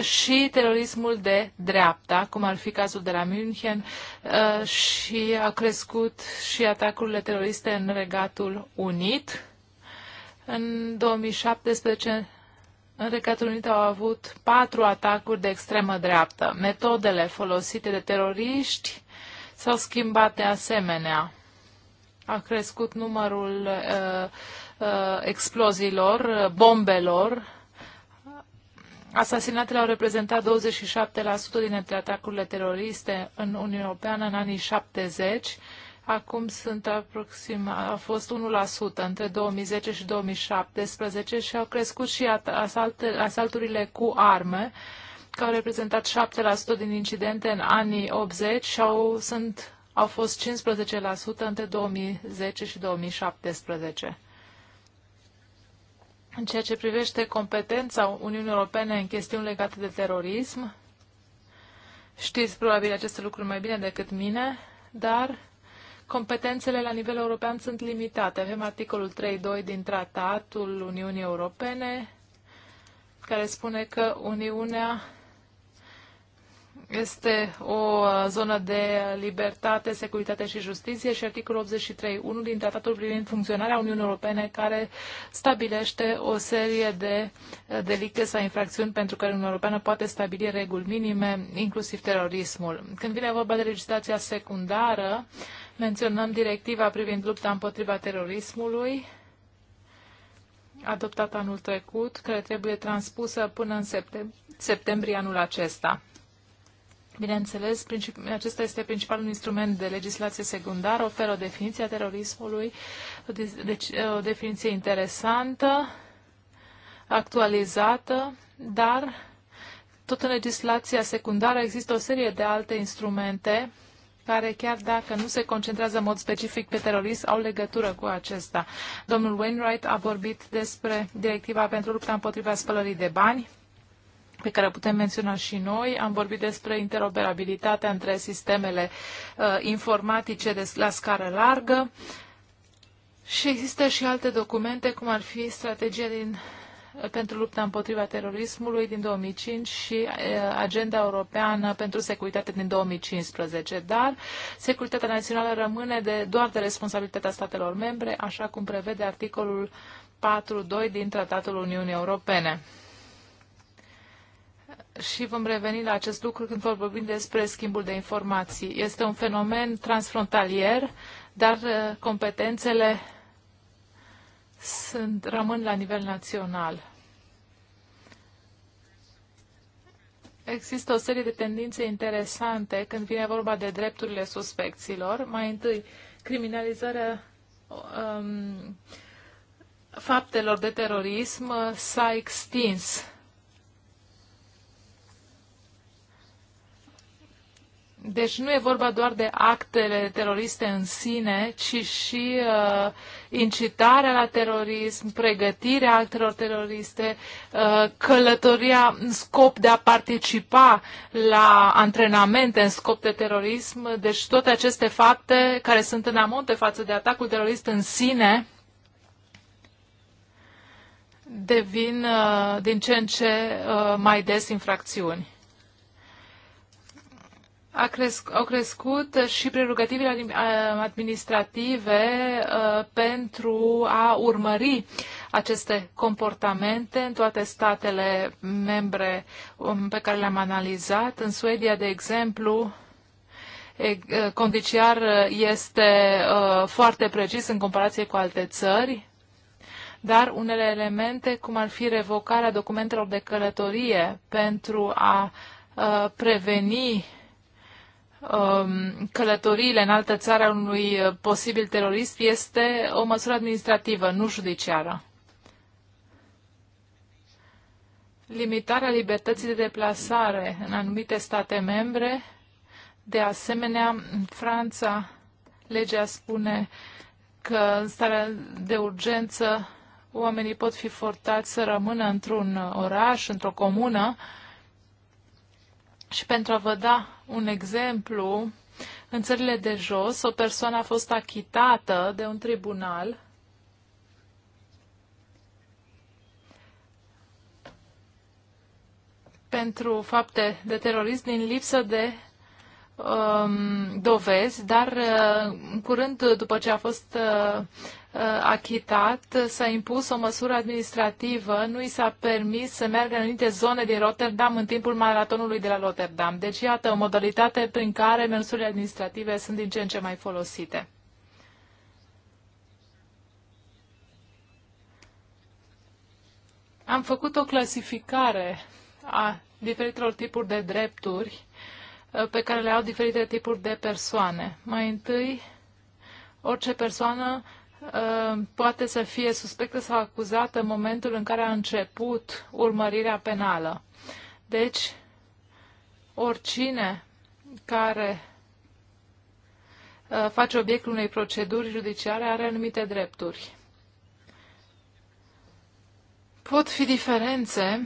S2: și terorismul de dreapta, cum ar fi cazul de la München, uh, și a crescut și atacurile teroriste în Regatul Unit. În 2017 în Regatul Unit au avut patru atacuri de extremă dreaptă. Metodele folosite de teroriști s-au schimbat de asemenea. A crescut numărul uh, uh, exploziilor, uh, bombelor Asasinatele au reprezentat 27% din între atacurile teroriste în Uniunea Europeană în anii 70. Acum sunt aproxim, a fost 1% între 2010 și 2017 și au crescut și asalt, asalturile cu arme, care au reprezentat 7% din incidente în anii 80 și au, sunt, au fost 15% între 2010 și 2017. În ceea ce privește competența Uniunii Europene în chestiuni legate de terorism, știți probabil aceste lucruri mai bine decât mine, dar competențele la nivel european sunt limitate. Avem articolul 3.2 din Tratatul Uniunii Europene, care spune că Uniunea este o zonă de libertate, securitate și justiție și articolul 83, unul din tratatul privind funcționarea Uniunii Europene care stabilește o serie de delicte sau infracțiuni pentru care Uniunea Europeană poate stabili reguli minime, inclusiv terorismul. Când vine vorba de legislația secundară, menționăm directiva privind lupta împotriva terorismului, adoptată anul trecut, care trebuie transpusă până în septembrie, septembrie anul acesta. Bineînțeles, acesta este principalul instrument de legislație secundară, oferă o definiție a terorismului, o, de, deci, o definiție interesantă, actualizată, dar tot în legislația secundară există o serie de alte instrumente care, chiar dacă nu se concentrează în mod specific pe terorism, au legătură cu acesta. Domnul Wainwright a vorbit despre directiva pentru lupta împotriva spălării de bani pe care putem menționa și noi. Am vorbit despre interoperabilitatea între sistemele uh, informatice de, la scară largă și există și alte documente, cum ar fi strategia din, pentru lupta împotriva terorismului din 2005 și uh, agenda europeană pentru securitate din 2015. Dar securitatea națională rămâne de, doar de responsabilitatea statelor membre, așa cum prevede articolul 4.2 din Tratatul Uniunii Europene și vom reveni la acest lucru când vorbim despre schimbul de informații. Este un fenomen transfrontalier, dar uh, competențele sunt, rămân la nivel național. Există o serie de tendințe interesante când vine vorba de drepturile suspecților. Mai întâi, criminalizarea um, faptelor de terorism uh, s-a extins Deci nu e vorba doar de actele teroriste în sine, ci și uh, incitarea la terorism, pregătirea actelor teroriste, uh, călătoria în scop de a participa la antrenamente în scop de terorism. Deci toate aceste fapte care sunt în amonte față de atacul terorist în sine devin uh, din ce în ce uh, mai des infracțiuni a cresc, au crescut și prerogativele administrative uh, pentru a urmări aceste comportamente în toate statele membre um, pe care le-am analizat. În Suedia, de exemplu, condiciar este uh, foarte precis în comparație cu alte țări, dar unele elemente, cum ar fi revocarea documentelor de călătorie pentru a uh, preveni Um, călătoriile în altă țară a unui uh, posibil terorist este o măsură administrativă, nu judiciară. Limitarea libertății de deplasare în anumite state membre, de asemenea, în Franța, legea spune că în starea de urgență oamenii pot fi forțați să rămână într-un oraș, într-o comună, și pentru a vă da un exemplu, în țările de jos, o persoană a fost achitată de un tribunal pentru fapte de terorism din lipsă de um, dovezi, dar uh, în curând, după ce a fost uh, Uh, achitat, s-a impus o măsură administrativă, nu i s-a permis să meargă în anumite zone din Rotterdam în timpul maratonului de la Rotterdam. Deci, iată, o modalitate prin care măsurile administrative sunt din ce în ce mai folosite. Am făcut o clasificare a diferitelor tipuri de drepturi uh, pe care le au diferite tipuri de persoane. Mai întâi, orice persoană Uh, poate să fie suspectă sau acuzată în momentul în care a început urmărirea penală. Deci, oricine care uh, face obiectul unei proceduri judiciare are anumite drepturi. Pot fi diferențe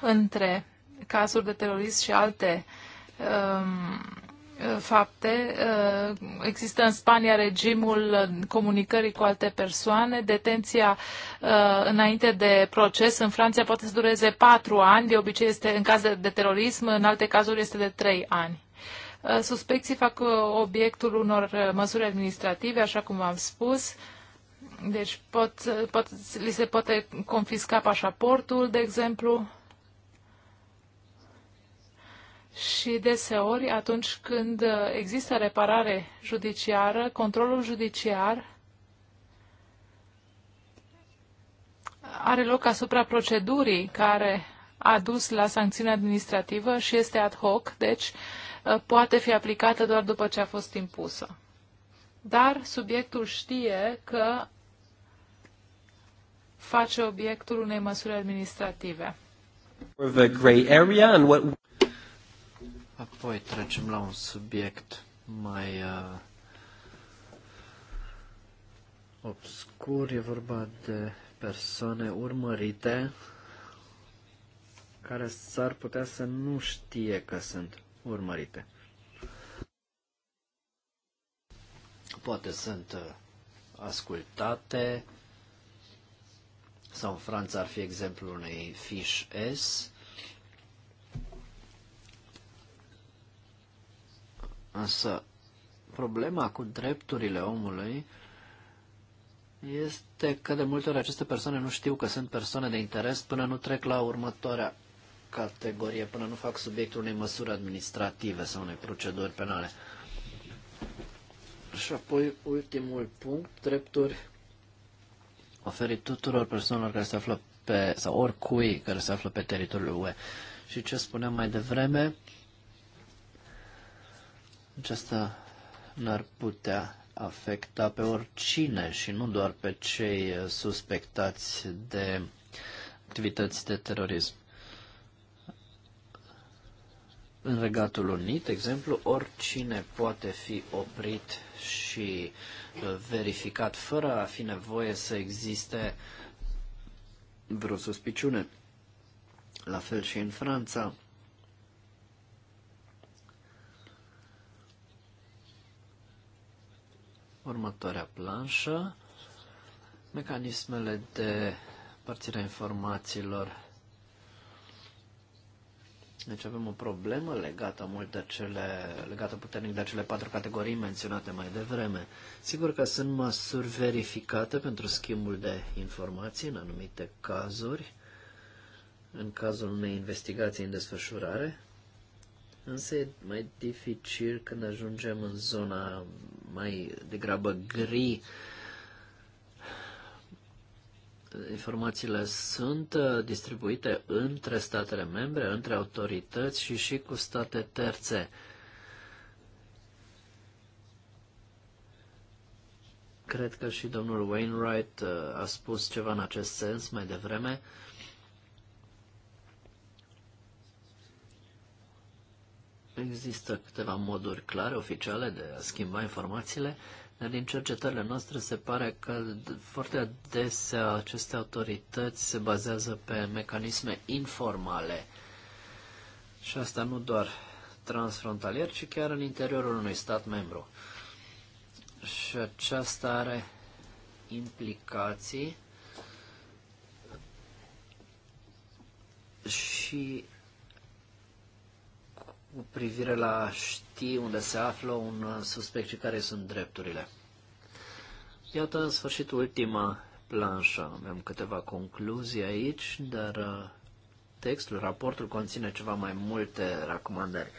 S2: între cazuri de terorism și alte um, fapte. Uh, există în Spania regimul comunicării cu alte persoane, detenția uh, înainte de proces. În Franța poate să dureze patru ani, de obicei este în caz de terorism, în alte cazuri este de trei ani. Uh, suspecții fac obiectul unor măsuri administrative, așa cum am spus. Deci pot, pot, li se poate confisca pașaportul, de exemplu și deseori, atunci când există reparare judiciară, controlul judiciar are loc asupra procedurii care a dus la sancțiune administrativă și este ad hoc, deci uh, poate fi aplicată doar după ce a fost impusă. Dar subiectul știe că face obiectul unei măsuri administrative.
S4: Apoi trecem la un subiect mai uh, obscur. E vorba de persoane urmărite care s-ar putea să nu știe că sunt urmărite. Poate sunt uh, ascultate sau în Franța ar fi exemplul unei fiș S Însă problema cu drepturile omului este că de multe ori aceste persoane nu știu că sunt persoane de interes până nu trec la următoarea categorie, până nu fac subiectul unei măsuri administrative sau unei proceduri penale. Și apoi ultimul punct, drepturi oferit tuturor persoanelor care se află pe, sau oricui care se află pe teritoriul UE. Și ce spuneam mai devreme, aceasta n-ar putea afecta pe oricine și nu doar pe cei suspectați de activități de terorism. În Regatul Unit, exemplu, oricine poate fi oprit și verificat fără a fi nevoie să existe vreo suspiciune. La fel și în Franța. Următoarea planșă, mecanismele de a informațiilor. Deci avem o problemă legată, mult de cele, legată puternic de cele patru categorii menționate mai devreme. Sigur că sunt măsuri verificate pentru schimbul de informații în anumite cazuri, în cazul unei investigații în desfășurare, Însă e mai dificil când ajungem în zona mai degrabă gri. Informațiile sunt uh, distribuite între statele membre, între autorități și și cu state terțe. Cred că și domnul Wainwright uh, a spus ceva în acest sens mai devreme. Există câteva moduri clare, oficiale, de a schimba informațiile, dar din cercetările noastre se pare că foarte adesea aceste autorități se bazează pe mecanisme informale. Și asta nu doar transfrontalier, ci chiar în interiorul unui stat membru. Și aceasta are implicații și cu privire la ști unde se află un uh, suspect și care sunt drepturile. Iată, în sfârșit, ultima planșă. Avem câteva concluzii aici, dar uh, textul, raportul conține ceva mai multe recomandări.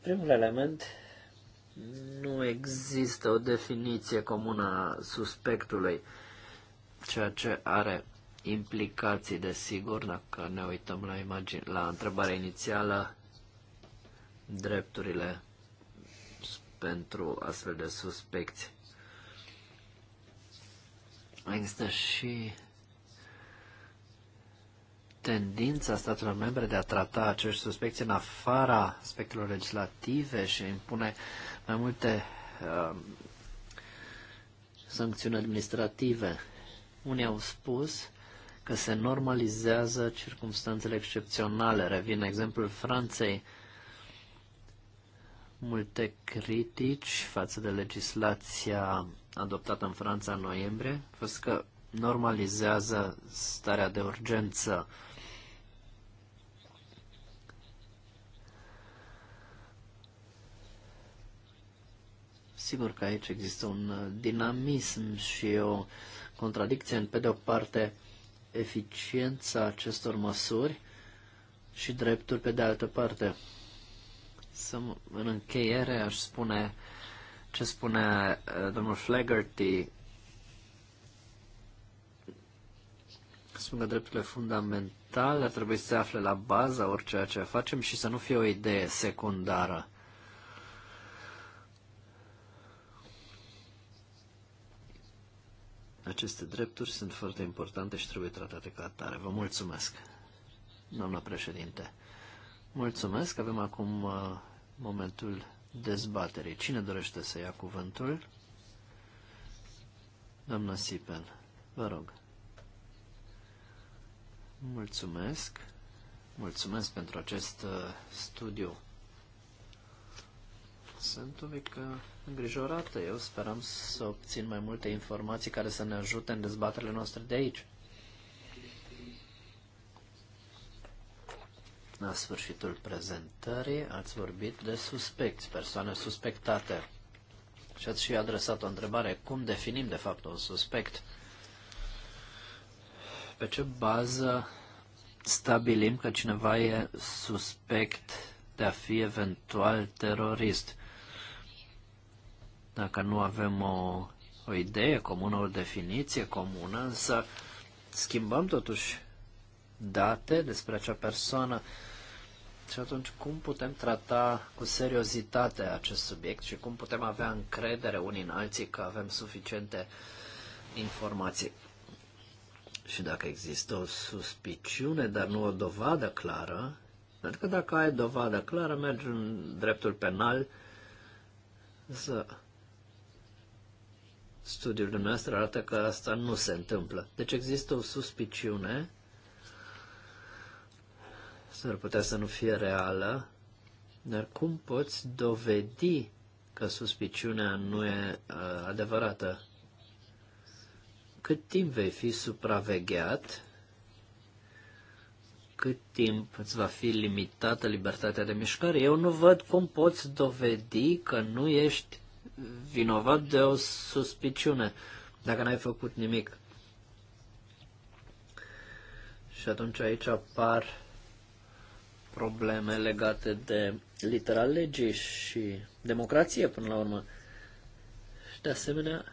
S4: Primul element, nu există o definiție comună a suspectului, ceea ce are implicații, desigur, dacă ne uităm la, imagine, la întrebarea inițială, drepturile pentru astfel de suspecți. Există și tendința statelor membre de a trata acești suspecți în afara aspectelor legislative și impune mai multe uh, sancțiuni administrative. Unii au spus că se normalizează circumstanțele excepționale. Revin exemplul Franței, uh, multe critici față de legislația adoptată în Franța în noiembrie, fost că normalizează starea de urgență. Sigur că aici există un dinamism și o contradicție în, pe de o parte, eficiența acestor măsuri și drepturi pe de altă parte. Să, în încheiere aș spune ce spune uh, domnul Flaherty. Spun că drepturile fundamentale ar trebui să se afle la baza orice ce facem și să nu fie o idee secundară. Aceste drepturi sunt foarte importante și trebuie tratate ca atare. Vă mulțumesc, doamna președinte. Mulțumesc. Avem acum uh, momentul dezbaterii. Cine dorește să ia cuvântul? Doamna Sipel, vă rog. Mulțumesc. Mulțumesc pentru acest uh, studiu. Sunt un pic uh, îngrijorată. Eu speram să obțin mai multe informații care să ne ajute în dezbaterile noastre de aici. la sfârșitul prezentării ați vorbit de suspecți, persoane suspectate. Și ați și adresat o întrebare, cum definim de fapt un suspect? Pe ce bază stabilim că cineva e suspect de a fi eventual terorist? Dacă nu avem o, o idee comună, o definiție comună, însă schimbăm totuși date despre acea persoană, și atunci, cum putem trata cu seriozitate acest subiect și cum putem avea încredere unii în alții că avem suficiente informații? Și dacă există o suspiciune, dar nu o dovadă clară, pentru că dacă ai dovadă clară, mergi în dreptul penal să studiul dumneavoastră arată că asta nu se întâmplă. Deci există o suspiciune s-ar putea să nu fie reală, dar cum poți dovedi că suspiciunea nu e uh, adevărată? Cât timp vei fi supravegheat? Cât timp îți va fi limitată libertatea de mișcare? Eu nu văd cum poți dovedi că nu ești vinovat de o suspiciune dacă n-ai făcut nimic. Și atunci aici apar probleme legate de litera legii și democrație până la urmă. Și de asemenea,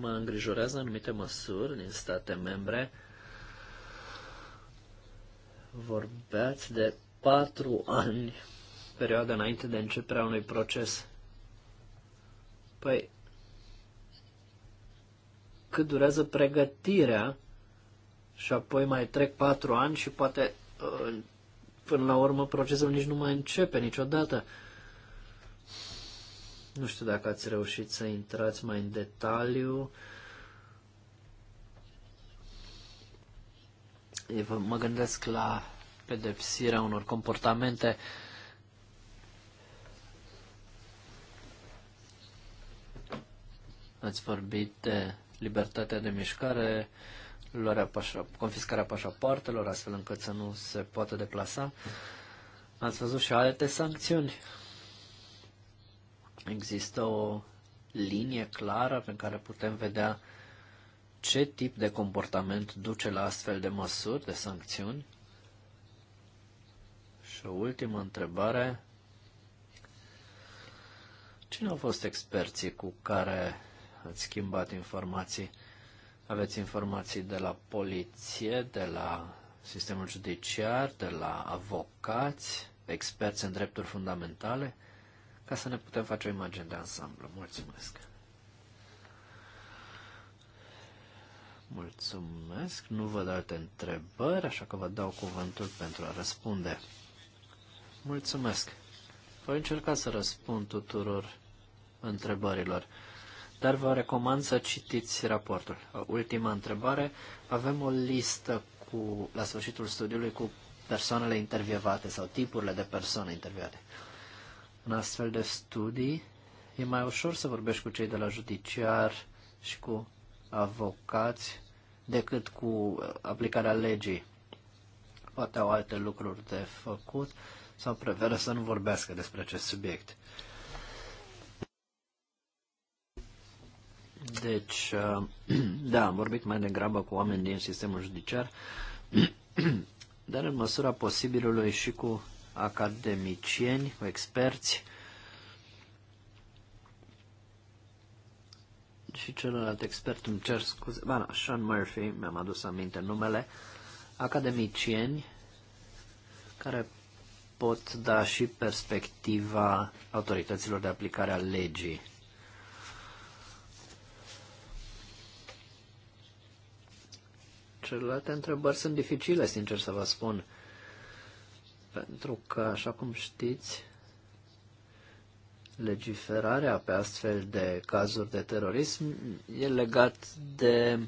S4: mă îngrijorează anumite măsuri din state membre. Vorbeați de patru ani, perioada înainte de începerea unui proces. Păi, cât durează pregătirea și apoi mai trec patru ani și poate uh, până la urmă procesul nici nu mai începe niciodată. Nu știu dacă ați reușit să intrați mai în detaliu. Eu mă gândesc la pedepsirea unor comportamente Ați vorbit de libertatea de mișcare, luarea pașa, confiscarea pașapoartelor, astfel încât să nu se poată deplasa. Ați văzut și alte sancțiuni. Există o linie clară pe care putem vedea ce tip de comportament duce la astfel de măsuri, de sancțiuni. Și o ultimă întrebare. Cine au fost experții cu care ați schimbat informații? Aveți informații de la poliție, de la sistemul judiciar, de la avocați, experți în drepturi fundamentale, ca să ne putem face o imagine de ansamblu. Mulțumesc! Mulțumesc, nu văd alte întrebări, așa că vă dau cuvântul pentru a răspunde. Mulțumesc! Voi încerca să răspund tuturor întrebărilor dar vă recomand să citiți raportul. Uh, ultima întrebare. Avem o listă cu, la sfârșitul studiului cu persoanele intervievate sau tipurile de persoane intervievate. În astfel de studii e mai ușor să vorbești cu cei de la judiciar și cu avocați decât cu uh, aplicarea legii. Poate au alte lucruri de făcut sau preferă să nu vorbească despre acest subiect. Deci, uh, da, am vorbit mai degrabă cu oameni din sistemul judiciar, dar în măsura posibilului și cu academicieni, cu experți și celălalt expert, îmi cer scuze, bana, Sean Murphy, mi-am adus aminte numele, academicieni care pot da și perspectiva autorităților de aplicare a legii Celelalte întrebări sunt dificile, sincer să vă spun, pentru că, așa cum știți, legiferarea pe astfel de cazuri de terorism e legat de,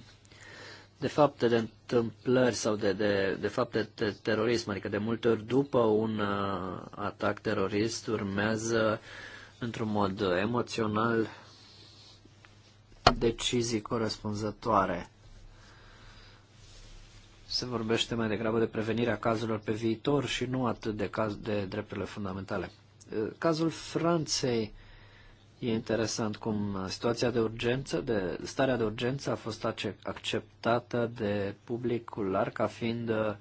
S4: de fapte de întâmplări sau de, de, de fapte de terorism, adică de multe ori după un uh, atac terorist urmează într-un mod emoțional decizii corespunzătoare se vorbește mai degrabă de prevenirea cazurilor pe viitor și nu atât de, caz, de drepturile fundamentale. Cazul Franței e interesant cum situația de urgență, de starea de urgență a fost acceptată de publicul larg ca fiind uh,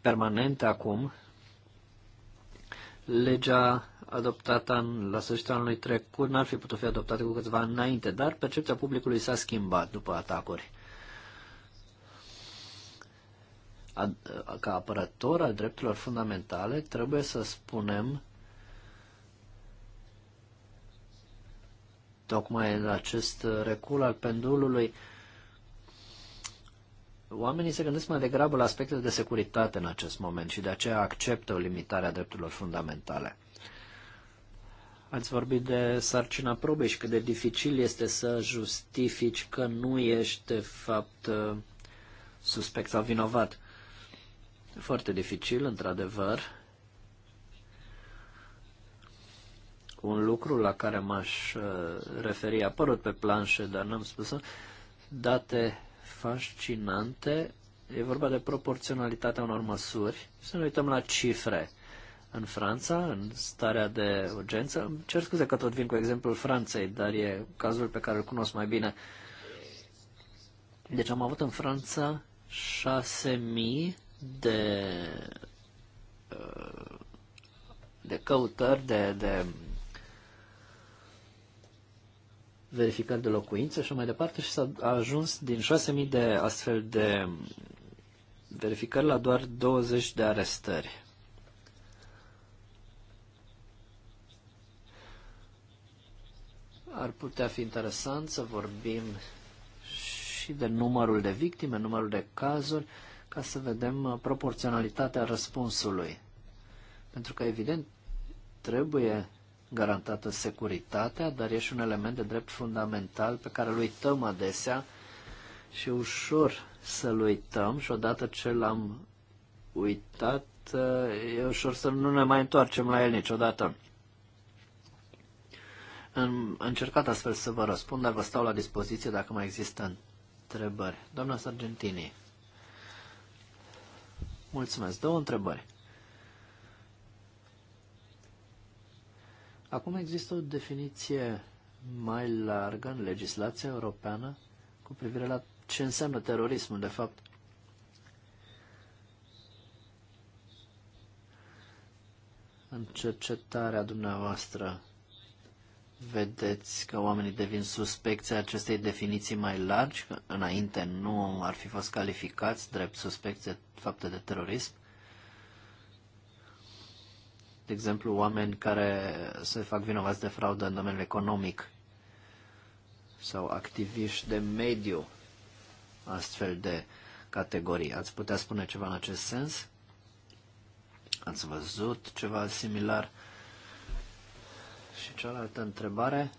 S4: permanentă acum. Legea adoptată în, la sfârșitul anului trecut n-ar fi putut fi adoptată cu câțiva înainte, dar percepția publicului s-a schimbat după atacuri. ca apărător al drepturilor fundamentale, trebuie să spunem tocmai în acest recul al pendulului, oamenii se gândesc mai degrabă la aspecte de securitate în acest moment și de aceea acceptă o limitare a drepturilor fundamentale. Ați vorbit de sarcina probei și cât de dificil este să justifici că nu ești, de fapt, suspect sau vinovat. E foarte dificil, într-adevăr. Un lucru la care m-aș uh, referi a apărut pe planșe, dar n-am spus o date fascinante. E vorba de proporționalitatea unor măsuri. Să ne uităm la cifre în Franța, în starea de urgență. Îmi cer scuze că tot vin cu exemplul Franței, dar e cazul pe care îl cunosc mai bine. Deci am avut în Franța 6000 de, de căutări, de, de verificări de locuințe și mai departe și s-a ajuns din 6.000 de astfel de verificări la doar 20 de arestări. Ar putea fi interesant să vorbim și de numărul de victime, numărul de cazuri, ca să vedem uh, proporționalitatea răspunsului. Pentru că, evident, trebuie garantată securitatea, dar e și un element de drept fundamental pe care îl uităm adesea și ușor să-l uităm și odată ce l-am uitat, uh, e ușor să nu ne mai întoarcem la el niciodată. Am încercat astfel să vă răspund, dar vă stau la dispoziție dacă mai există întrebări. Doamna Sargentini. Mulțumesc. Două întrebări. Acum există o definiție mai largă în legislația europeană cu privire la ce înseamnă terorismul, de fapt. În cercetarea dumneavoastră, vedeți că oamenii devin suspecți acestei definiții mai largi, că înainte nu ar fi fost calificați drept suspecți de fapte de terorism? De exemplu, oameni care se fac vinovați de fraudă în domeniul economic sau activiști de mediu, astfel de categorii. Ați putea spune ceva în acest sens? Ați văzut ceva similar? Și cealaltă întrebare,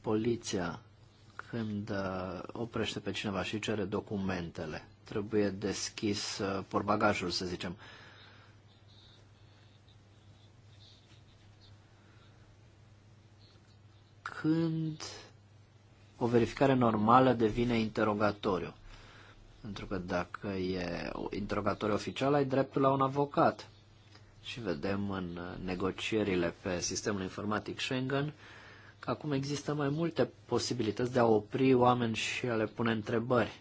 S4: poliția când uh, oprește pe cineva și cere documentele, trebuie deschis uh, porbagajul, să zicem. Când o verificare normală devine interogatoriu. Pentru că dacă e interogatoriu oficial, ai dreptul la un avocat și vedem în uh, negocierile pe sistemul informatic Schengen că acum există mai multe posibilități de a opri oameni și a le pune întrebări.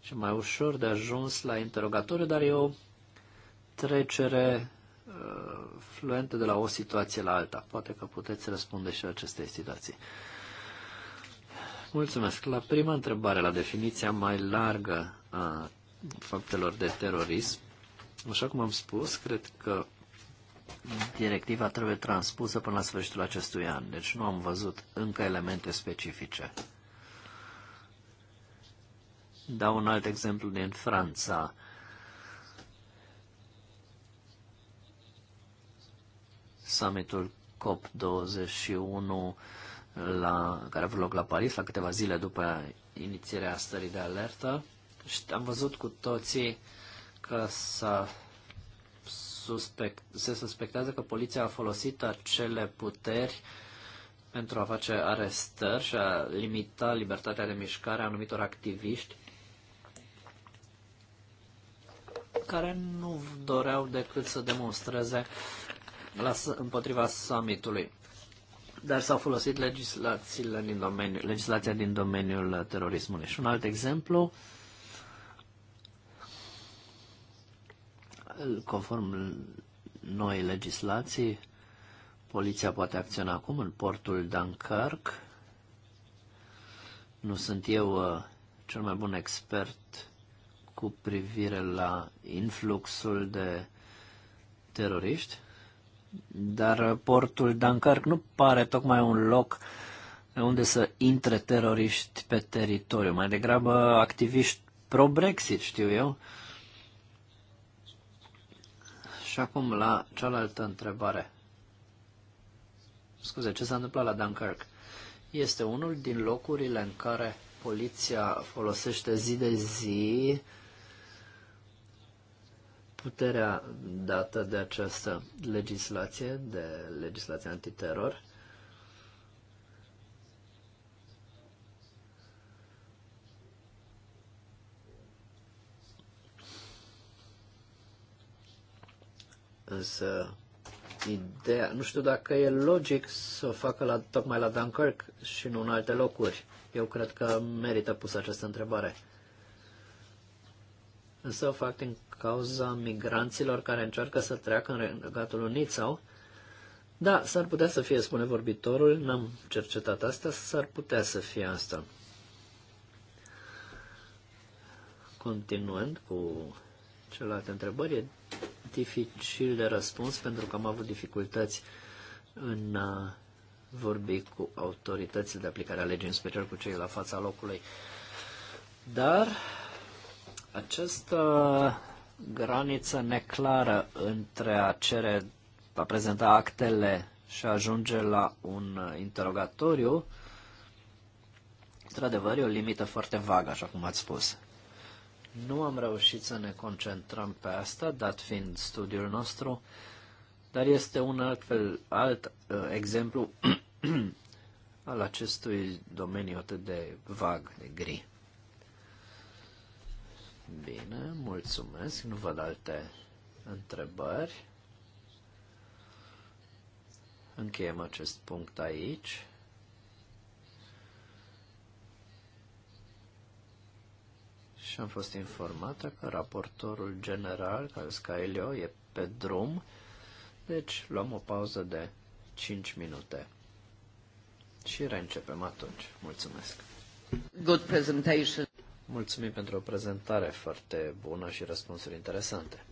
S4: Și mai ușor de ajuns la interogatoriu, dar e o trecere uh, fluentă de la o situație la alta. Poate că puteți răspunde și acestei situații. Mulțumesc. La prima întrebare, la definiția mai largă a faptelor de terorism, Așa cum am spus, cred că directiva trebuie transpusă până la sfârșitul acestui an, deci nu am văzut încă elemente specifice. Dau un alt exemplu din Franța. Summitul COP21 la, care a avut loc la Paris la câteva zile după inițierea stării de alertă și am văzut cu toții uh, că s-a suspect, se suspectează că poliția a folosit acele puteri pentru a face arestări și a limita libertatea de mișcare a anumitor activiști care nu doreau decât să demonstreze la, împotriva summitului. Dar s-au folosit legislațiile din domeniu, legislația din domeniul terorismului. Și un alt exemplu, conform noi legislații, poliția poate acționa acum în portul Dunkirk. Nu sunt eu uh, cel mai bun expert cu privire la influxul de teroriști, dar uh, portul Dunkirk nu pare tocmai un loc unde să intre teroriști pe teritoriu, mai degrabă activiști pro-Brexit, știu eu, uh, și acum la cealaltă întrebare. Scuze, ce s-a întâmplat la Dunkirk? Este unul din locurile în care poliția folosește zi de zi puterea dată de această legislație, de legislație antiteror, Însă, ideea, nu știu dacă e logic să o facă la, tocmai la Dunkirk și nu în alte locuri. Eu cred că merită pusă această întrebare. Însă o fac din cauza migranților care încearcă să treacă în Regatul Unit sau... Da, s-ar putea să fie, spune vorbitorul, n-am cercetat asta, s-ar putea să fie asta. Continuând cu celelalte întrebări, e dificil de răspuns pentru că am avut dificultăți în a vorbi cu autoritățile de aplicare a legii, în special cu cei la fața locului. Dar această graniță neclară între a cere, a prezenta actele și a ajunge la un interogatoriu, într-adevăr, e o limită foarte vagă, așa cum ați spus. Nu am reușit să ne concentrăm pe asta, dat fiind studiul nostru, dar este un altfel, alt uh, exemplu al acestui domeniu atât de vag, de gri. Bine, mulțumesc, nu văd alte întrebări. Încheiem acest punct aici. și am fost informată că raportorul general, Calscailio, e pe drum, deci luăm o pauză de 5 minute și reîncepem atunci. Mulțumesc! Good presentation. Mulțumim pentru o prezentare foarte bună și răspunsuri interesante.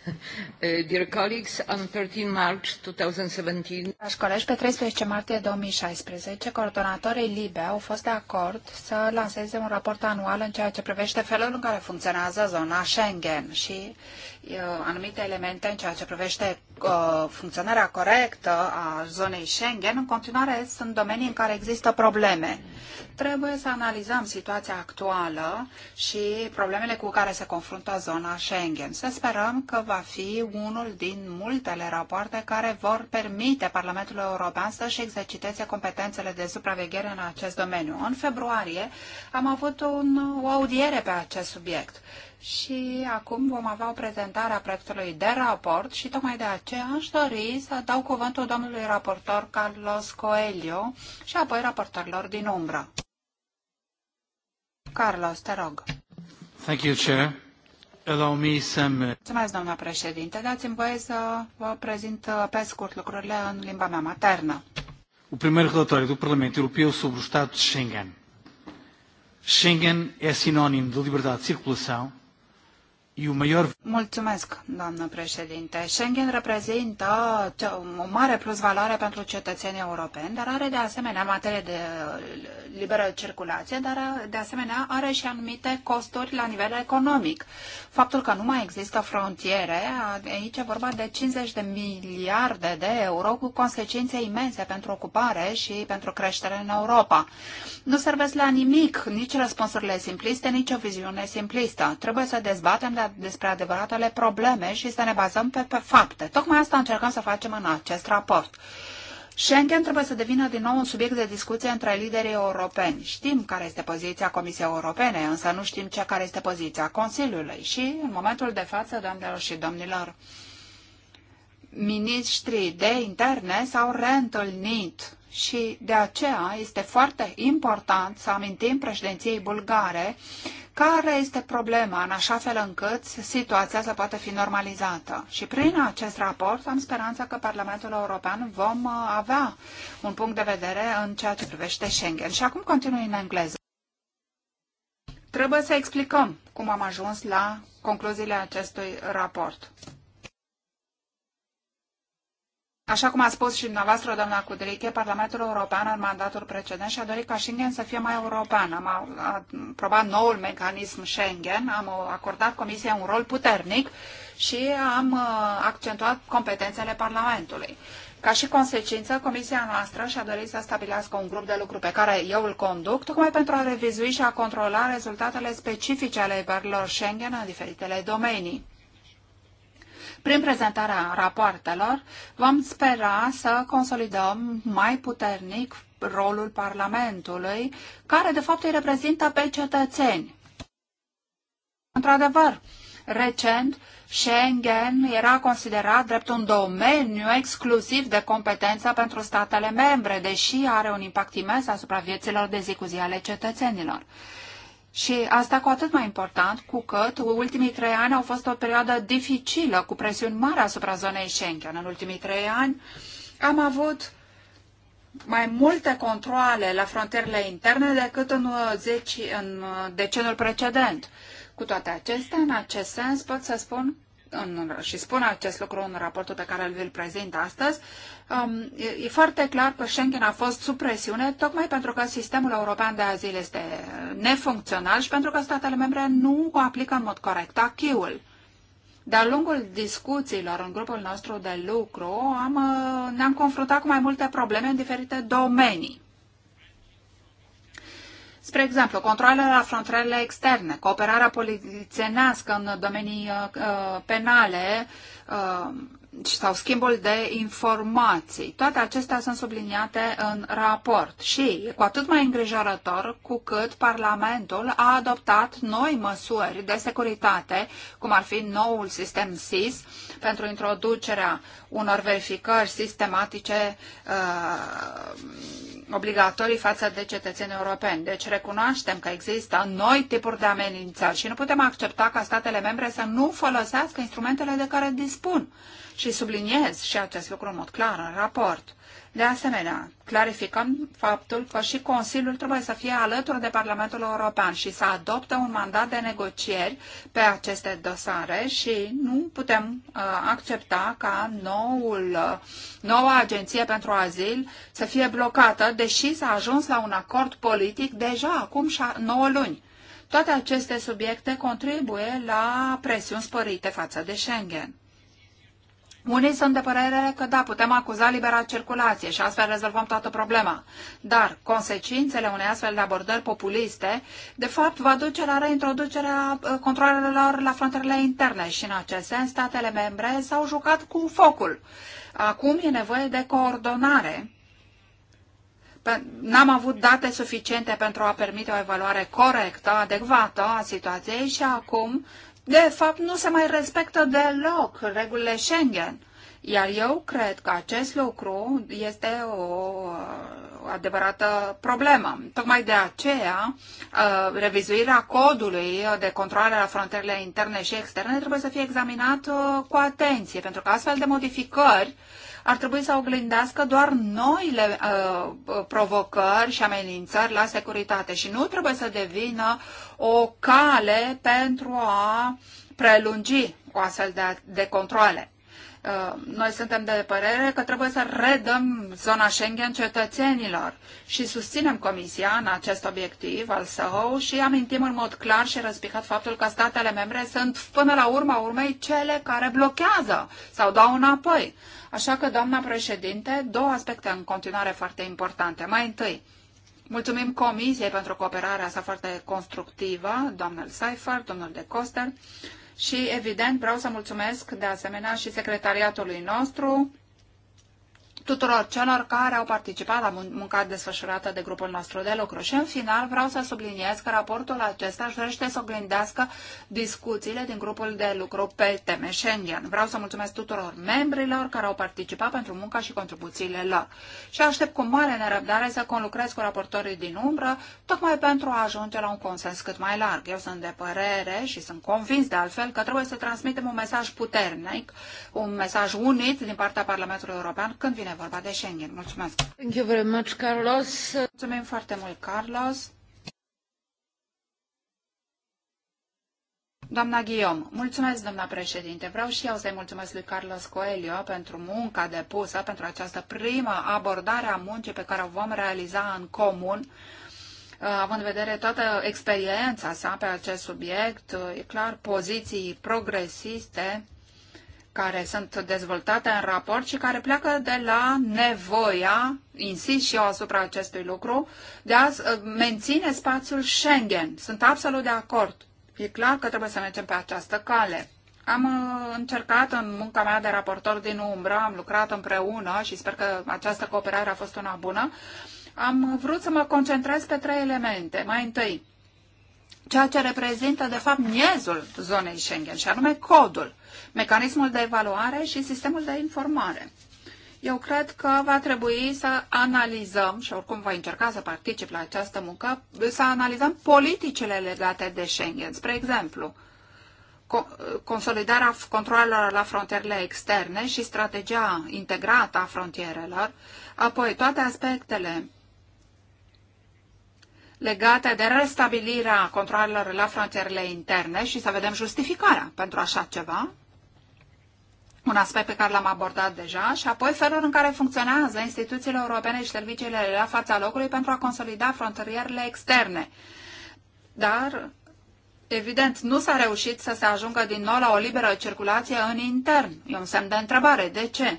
S3: Uh, dear colleagues, on 13 March 2017... Dragi colegi, pe 13 martie 2016, coordonatorii LIBE au fost de acord să lanseze un raport anual în ceea ce privește felul în care funcționează zona Schengen și uh, anumite elemente în ceea ce privește Uh, funcționarea corectă a zonei Schengen, în continuare sunt domenii în care există probleme. Trebuie să analizăm situația actuală și problemele cu care se confruntă zona Schengen. Să sperăm că va fi unul din multele rapoarte care vor permite Parlamentului European să-și exerciteze competențele de supraveghere în acest domeniu. În februarie am avut un, o audiere pe acest subiect și acum vom avea o prezentare a proiectului de raport și tocmai de aceea aceea aș dori să dau cuvântul domnului raportor Carlos Coelho și apoi raportorilor din umbră. Carlos, te rog.
S2: Thank you, Chair. Allow me
S1: some... Uh,
S3: Mulțumesc, doamna președinte. Dați-mi voie să vă prezint uh, pe scurt lucrurile în limba mea maternă. O primeiro relatório do Parlamento Europeu sobre o Estado de Schengen. Schengen é sinónimo de liberdade de circulação, Mulțumesc, doamnă președinte. Schengen reprezintă o mare plusvaloare pentru cetățenii europeni, dar are de asemenea materie de uh, liberă circulație, dar uh, de asemenea are și anumite costuri la nivel economic. Faptul că nu mai există frontiere, aici e vorba de 50 de miliarde de euro cu consecințe imense pentru ocupare și pentru creștere în Europa. Nu servesc la nimic nici răspunsurile simpliste, nici o viziune simplistă. Trebuie să dezbatem de despre adevăratele probleme și să ne bazăm pe, pe fapte. Tocmai asta încercăm să facem în acest raport. Schengen trebuie să devină din nou un subiect de discuție între liderii europeni. Știm care este poziția Comisiei Europene, însă nu știm ce care este poziția Consiliului. Și, în momentul de față, doamnelor și domnilor, ministrii de interne s-au reîntâlnit și de aceea este foarte important să amintim președinției bulgare uh, care este problema, în așa fel încât situația să poată fi normalizată. Și prin acest raport am speranța că Parlamentul European vom uh, avea un punct de vedere în ceea ce privește Schengen. Și acum continui în engleză. Trebuie să explicăm cum am ajuns la concluziile acestui raport. Așa cum a spus și dumneavoastră, doamna Cudriche, Parlamentul European în mandatul precedent și-a dorit ca Schengen să fie mai european. Am aprobat noul mecanism Schengen, am acordat Comisiei un rol puternic și am uh, accentuat competențele Parlamentului. Ca și consecință, Comisia noastră și-a dorit să stabilească un grup de lucru pe care eu îl conduc, tocmai pentru a revizui și a controla rezultatele specifice ale evaluărilor Schengen în diferitele domenii. Prin prezentarea rapoartelor vom spera să consolidăm mai puternic rolul Parlamentului, care de fapt îi reprezintă pe cetățeni. Într-adevăr, recent, Schengen era considerat drept un domeniu exclusiv de competență pentru statele membre, deși are un impact imens asupra vieților de zi cu zi ale cetățenilor. Și asta cu atât mai important cu cât ultimii trei ani au fost o perioadă dificilă, cu presiuni mari asupra zonei Schengen. În ultimii trei ani am avut mai multe controle la frontierele interne decât în, 10, uh, în uh, deceniul precedent. Cu toate acestea, în acest sens pot să spun în, și spun acest lucru în raportul pe care îl prezint astăzi, um, e, e foarte clar că Schengen a fost sub presiune tocmai pentru că sistemul european de azil este nefuncțional și pentru că statele membre nu aplică în mod corect achiul. De-a lungul discuțiilor în grupul nostru de lucru am, uh, ne-am confruntat cu mai multe probleme în diferite domenii. Spre exemplu, controlele la frontierele externe, cooperarea polițienească în domenii uh, uh penale, uh, sau schimbul de informații. Toate acestea sunt subliniate în raport și e cu atât mai îngrijorător cu cât Parlamentul a adoptat noi măsuri de securitate, cum ar fi noul sistem SIS, pentru introducerea unor verificări sistematice uh, obligatorii față de cetățenii europeni. Deci recunoaștem că există noi tipuri de amenințări și nu putem accepta ca statele membre să nu folosească instrumentele de care dispun și subliniez și acest lucru în mod clar în raport. De asemenea, clarificăm faptul că și Consiliul trebuie să fie alături de Parlamentul European și să adopte un mandat de negocieri pe aceste dosare și nu putem uh, accepta ca noul, uh, noua agenție pentru azil să fie blocată, deși s-a ajuns la un acord politic deja acum 9 luni. Toate aceste subiecte contribuie la presiuni sporite față de Schengen. Unii sunt de părere că da, putem acuza libera circulație și astfel rezolvăm toată problema. Dar consecințele unei astfel de abordări populiste, de fapt, va duce la reintroducerea uh, controlelor la frontierele interne și, în acest sens, statele membre s-au jucat cu focul. Acum e nevoie de coordonare. N-am avut date suficiente pentru a permite o evaluare corectă, adecvată a situației și acum de fapt, nu se mai respectă deloc regulile Schengen. Iar eu cred că acest lucru este o adevărată problemă. Tocmai de aceea, ă, revizuirea codului de controlare la frontierele interne și externe trebuie să fie examinată cu atenție, pentru că astfel de modificări ar trebui să oglindească doar noile uh, provocări și amenințări la securitate și nu trebuie să devină o cale pentru a prelungi o astfel de, de controle. Uh, noi suntem de părere că trebuie să redăm zona Schengen cetățenilor și susținem Comisia în acest obiectiv al său și amintim în mod clar și răspicat faptul că statele membre sunt până la urma urmei cele care blochează sau dau înapoi. Așa că, doamna președinte, două aspecte în continuare foarte importante. Mai întâi, Mulțumim Comisiei pentru cooperarea sa foarte constructivă, doamnul Seifert, domnul De Coster, și, evident, vreau să mulțumesc de asemenea și secretariatului nostru, tuturor celor care au participat la munca desfășurată de grupul nostru de lucru. Și în final vreau să subliniez că raportul acesta își dorește să oglindească discuțiile din grupul de lucru pe teme Schengen. Vreau să mulțumesc tuturor membrilor care au participat pentru munca și contribuțiile lor. Și aștept cu mare nerăbdare să conlucrez cu raportorii din umbră, tocmai pentru a ajunge la un consens cât mai larg. Eu sunt de părere și sunt convins de altfel că trebuie să transmitem un mesaj puternic, un mesaj unit din partea Parlamentului European când vine vine vorba de Schengen. Mulțumesc! Thank you very much, Carlos. Mulțumim foarte mult, Carlos. Doamna Ghiom, mulțumesc, doamna președinte. Vreau și eu să-i mulțumesc lui Carlos Coelho pentru munca depusă, pentru această primă abordare a muncii pe care o vom realiza în comun, uh, având în vedere toată experiența sa pe acest subiect, e clar, poziții progresiste care sunt dezvoltate în raport și care pleacă de la nevoia, insist și eu asupra acestui lucru, de a uh, menține spațiul Schengen. Sunt absolut de acord. E clar că trebuie să mergem pe această cale. Am uh, încercat în munca mea de raportor din umbră, am lucrat împreună și sper că această cooperare a fost una bună. Am vrut să mă concentrez pe trei elemente. Mai întâi, ceea ce reprezintă, de fapt, miezul zonei Schengen, și anume codul mecanismul de evaluare și sistemul de informare. Eu cred că va trebui să analizăm, și oricum va încerca să particip la această muncă, să analizăm politicile legate de Schengen. Spre exemplu, consolidarea controlelor la frontierele externe și strategia integrată a frontierelor, apoi toate aspectele legate de restabilirea controlelor la frontierele interne și să vedem justificarea pentru așa ceva, un aspect pe care l-am abordat deja, și apoi felul în care funcționează instituțiile europene și serviciile la fața locului pentru a consolida frontierele externe. Dar, evident, nu s-a reușit să se ajungă din nou la o liberă circulație în intern. E un semn de întrebare. De ce?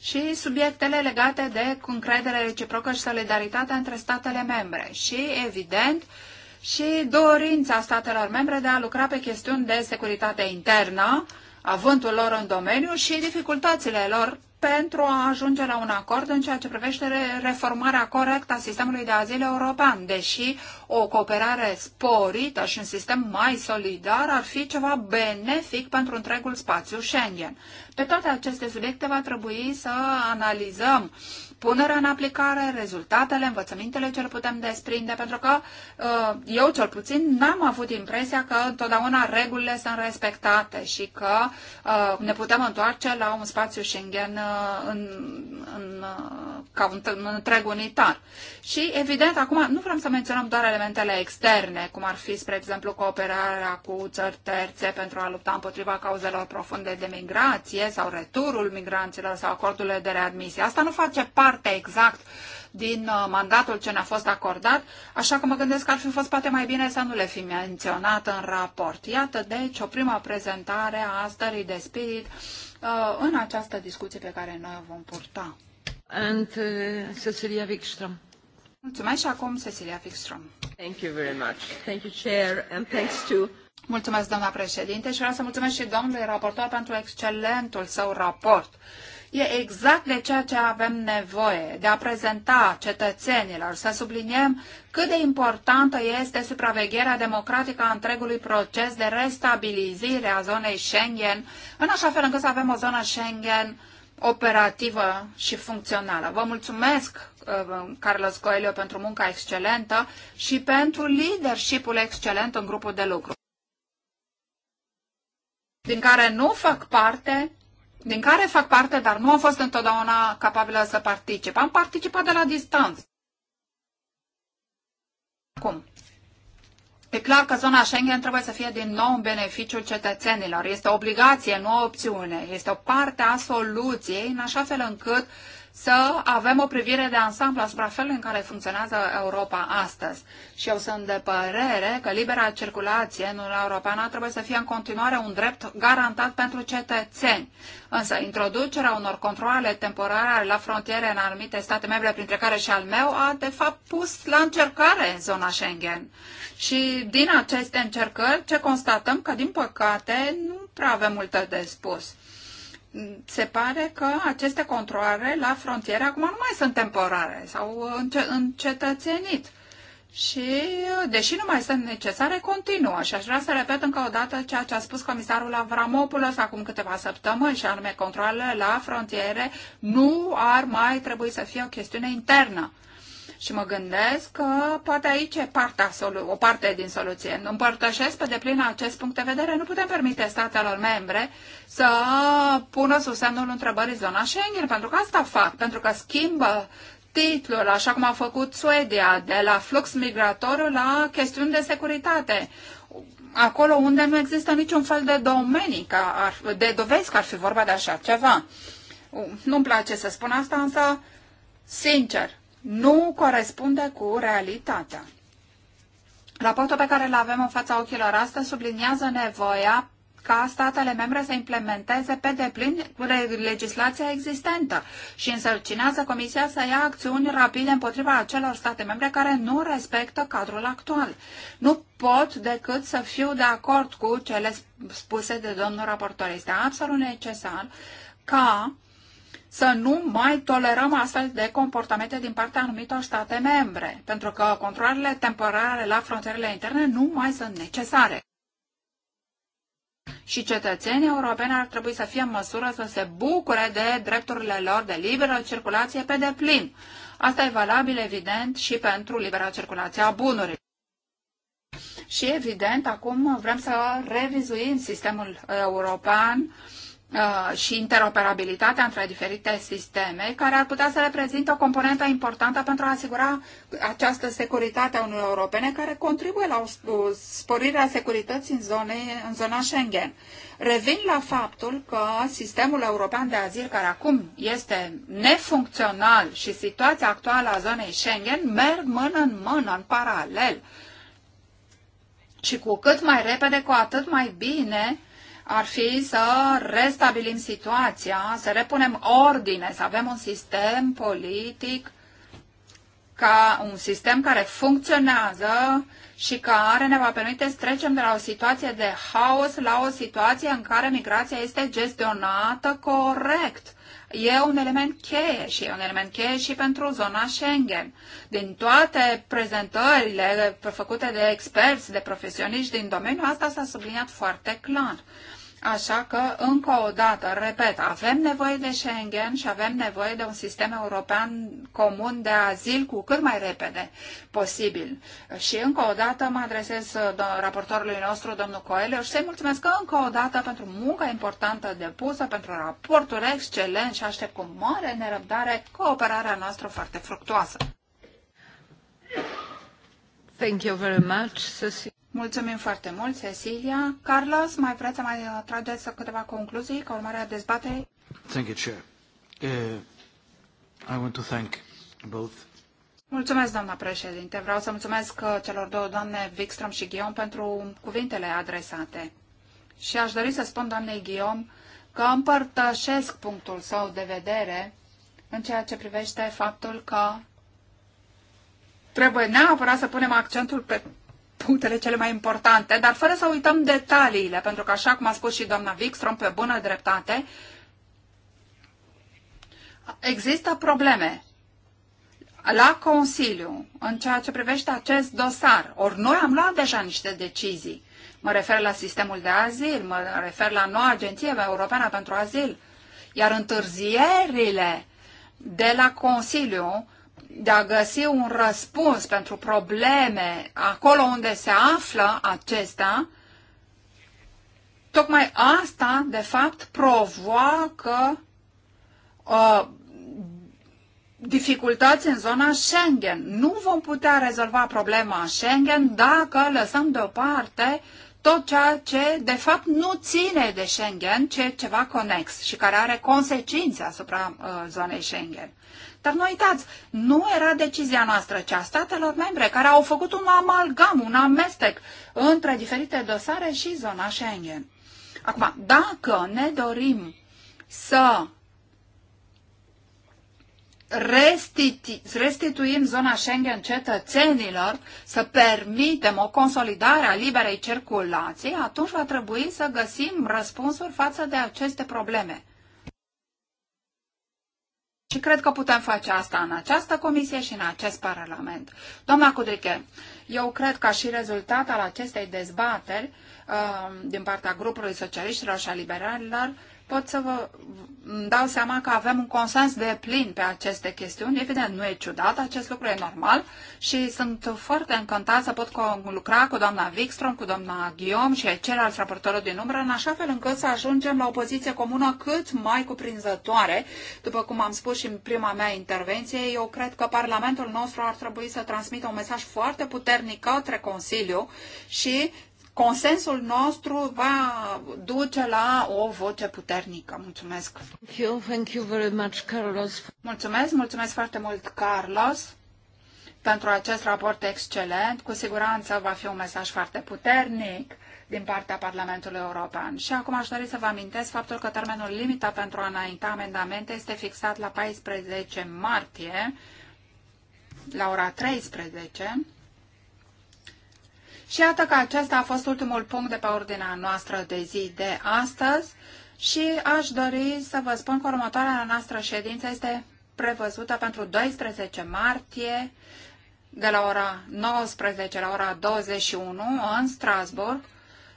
S3: și subiectele legate de încredere reciprocă și solidaritatea între statele membre și, evident, și dorința statelor membre de a lucra pe chestiuni de securitate internă, avântul lor în domeniu și dificultățile lor pentru a ajunge la un acord în ceea ce privește reformarea corectă a sistemului de azil european, deși o cooperare sporită și un sistem mai solidar ar fi ceva benefic pentru întregul spațiu Schengen. Pe toate aceste subiecte va trebui să analizăm uh, punerea în aplicare, rezultatele, învățămintele ce le putem desprinde, pentru că uh, eu cel puțin n-am avut impresia că întotdeauna regulile sunt respectate și că uh, ne putem întoarce la un spațiu Schengen uh, în, în, ca un, întreg unitar. Și evident, acum nu vrem să menționăm doar elementele externe, cum ar fi, spre exemplu, cooperarea cu țări terțe pentru a lupta împotriva cauzelor profunde de migrație sau returul migranților sau acordurile de readmisie. Asta nu face parte foarte exact din uh, mandatul ce ne-a fost acordat, așa că mă gândesc că ar fi fost poate mai bine să nu le fi menționat în raport. Iată, deci, o prima prezentare a stării de spirit uh, în această discuție pe care noi o vom purta. And uh, Cecilia Wikström. Mulțumesc și acum Cecilia Wikström.
S4: Thank you very much.
S3: Thank you, Chair, and thanks to Mulțumesc, doamna președinte, și vreau să mulțumesc și domnului raportor pentru excelentul său raport. Uh, E exact de ceea ce avem nevoie, de a prezenta cetățenilor, să subliniem cât de importantă este supravegherea democratică a întregului proces de restabilizire a zonei Schengen, în așa fel încât să avem o zonă Schengen operativă și funcțională. Vă mulțumesc, uh, Carlos Coelho, pentru munca excelentă și pentru leadershipul excelent în grupul de lucru, din care nu fac parte, din care fac parte, dar nu am fost întotdeauna capabilă să particip. Am participat de la distanță. Acum, E clar că zona Schengen trebuie să fie din nou în beneficiul cetățenilor. Este o obligație, nu o opțiune. Este o parte a soluției, în așa fel încât să avem o privire de ansamblu asupra felului în care funcționează Europa astăzi. Și eu sunt de părere că libera circulație în Uniunea Europeană trebuie să fie în continuare un drept garantat pentru cetățeni. Însă introducerea unor controle temporare la frontiere în anumite state membre, printre care și al meu, a de fapt pus la încercare zona Schengen. Și din aceste încercări, ce constatăm? Că, din păcate, nu prea avem multe de spus se pare că aceste controle la frontiere acum nu mai sunt temporare, s-au încetățenit. Și, deși nu mai sunt necesare, continuă. Și aș vrea să repet încă o dată ceea ce a spus comisarul Avramopoulos acum câteva săptămâni, și anume controlele la frontiere nu ar mai trebui să fie o chestiune internă și mă gândesc că poate aici e partea, o parte din soluție. Împărtășesc pe deplin acest punct de vedere. Nu putem permite statelor membre să pună sub semnul întrebării zona Schengen, pentru că asta fac, pentru că schimbă titlul, așa cum a făcut Suedia, de la flux migratoriu la chestiuni de securitate acolo unde nu există niciun fel de domenii, ca ar, de dovezi că ar fi vorba de așa ceva. Nu-mi place să spun asta, însă, sincer, nu corespunde cu realitatea. Raportul pe care îl avem în fața ochilor astăzi subliniază nevoia ca statele membre să implementeze pe deplin legislația existentă și însărcinează Comisia să ia acțiuni rapide împotriva acelor state membre care nu respectă cadrul actual. Nu pot decât să fiu de acord cu cele spuse de domnul raportor. Este absolut necesar ca să nu mai tolerăm astfel de comportamente din partea anumitor state membre, pentru că controlele temporare la frontierele interne nu mai sunt necesare. Și cetățenii europeni ar trebui să fie în măsură să se bucure de drepturile lor de liberă circulație pe deplin. Asta e valabil, evident, și pentru libera circulație a bunurilor. Și, evident, acum vrem să revizuim sistemul european uh, Uh, și interoperabilitatea între diferite sisteme, care ar putea să reprezinte o componentă importantă pentru a asigura această securitate a Uniunii Europene, care contribuie la o sporire a securității în, zone, în zona Schengen. Revin la faptul că sistemul european de azil, care acum este nefuncțional și situația actuală a zonei Schengen, merg mână în mână, în paralel. Și cu cât mai repede, cu atât mai bine, ar fi să restabilim situația, să repunem ordine, să avem un sistem politic, ca un sistem care funcționează și care ne va permite să trecem de la o situație de haos la o situație în care migrația este gestionată corect. E un element cheie și e un element cheie și pentru zona Schengen. Din toate prezentările făcute de experți, de profesioniști din domeniu, asta s-a subliniat foarte clar. Așa că, încă o dată, repet, avem nevoie de Schengen și avem nevoie de un sistem european comun de azil cu cât mai repede posibil. Și încă o dată mă adresez uh, raportorului nostru, domnul Coelho, și să-i mulțumesc încă o dată pentru munca importantă depusă, pentru raportul excelent și aștept cu mare nerăbdare cooperarea noastră foarte fructuoasă. Thank you very much, Mulțumim foarte mult, Cecilia. Carlos, mai vreți să mai trageți câteva concluzii ca urmare a dezbaterii?
S1: Thank you, Chair. Uh, I want to thank
S3: both Mulțumesc, doamna președinte. Vreau să mulțumesc uh, celor două doamne, Wikström și Ghiom, pentru cuvintele adresate. Și aș dori să spun doamnei Ghiom că împărtășesc punctul său de vedere în ceea ce privește faptul că trebuie neapărat să punem accentul pe punctele cele mai importante, dar fără să uităm detaliile, pentru că așa cum a spus și doamna Wikström pe bună dreptate, există probleme la Consiliu în ceea ce privește acest dosar. Ori noi am luat deja niște decizii. Mă refer la sistemul de azil, mă refer la noua agenție europeană pentru azil. Iar întârzierile de la Consiliu de a găsi un răspuns pentru probleme acolo unde se află acestea, tocmai asta, de fapt, provoacă uh, dificultăți în zona Schengen. Nu vom putea rezolva problema Schengen dacă lăsăm deoparte tot ceea ce, de fapt, nu ține de Schengen, ce e ceva conex și care are consecințe asupra uh, zonei Schengen. Dar nu uitați, nu era decizia noastră, ci a statelor membre, care au făcut un amalgam, un amestec între diferite dosare și zona Schengen. Acum, dacă ne dorim să restituim zona Schengen cetățenilor, să permitem o consolidare a liberei circulației, atunci va trebui să găsim răspunsuri față de aceste probleme. Și cred că putem face asta în această comisie și în acest parlament. Doamna Cudriche, eu cred că și rezultat al acestei dezbateri uh, din partea grupului socialiștilor și a liberalilor pot să vă dau seama că avem un consens de plin pe aceste chestiuni. Evident, nu e ciudat, acest lucru e normal și sunt foarte încântat să pot lucra cu doamna Wikström, cu doamna Guillaume și ceilalți raportori din umbră, în așa fel încât să ajungem la o poziție comună cât mai cuprinzătoare. După cum am spus și în prima mea intervenție, eu cred că Parlamentul nostru ar trebui să transmită un mesaj foarte puternic către Consiliu și consensul nostru va duce la o voce puternică. Mulțumesc! Thank you, thank you very much, Carlos. Mulțumesc, mulțumesc foarte mult, Carlos, pentru acest raport excelent. Cu siguranță va fi un mesaj foarte puternic din partea Parlamentului European. Și acum aș dori să vă amintesc faptul că termenul limită pentru a înainta amendamente este fixat la 14 martie, la ora 13 și iată că acesta a fost ultimul punct de pe ordinea noastră de zi de astăzi și aș dori să vă spun că următoarea noastră ședință este prevăzută pentru 12 martie de la ora 19 la ora 21 în Strasburg,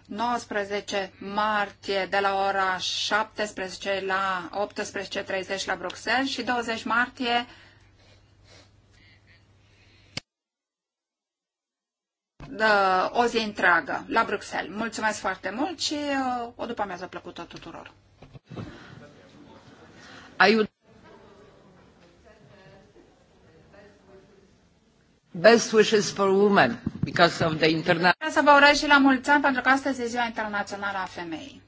S3: 19 martie de la ora 17 la 18.30 la Bruxelles și 20 martie uh, o zi întreagă la Bruxelles. Mulțumesc foarte mult și uh, o după amiază plăcută tuturor. Ai
S1: Best wishes for women because of the international.
S3: Să vă urez și la mulți ani pentru că astăzi e ziua internațională a femeii.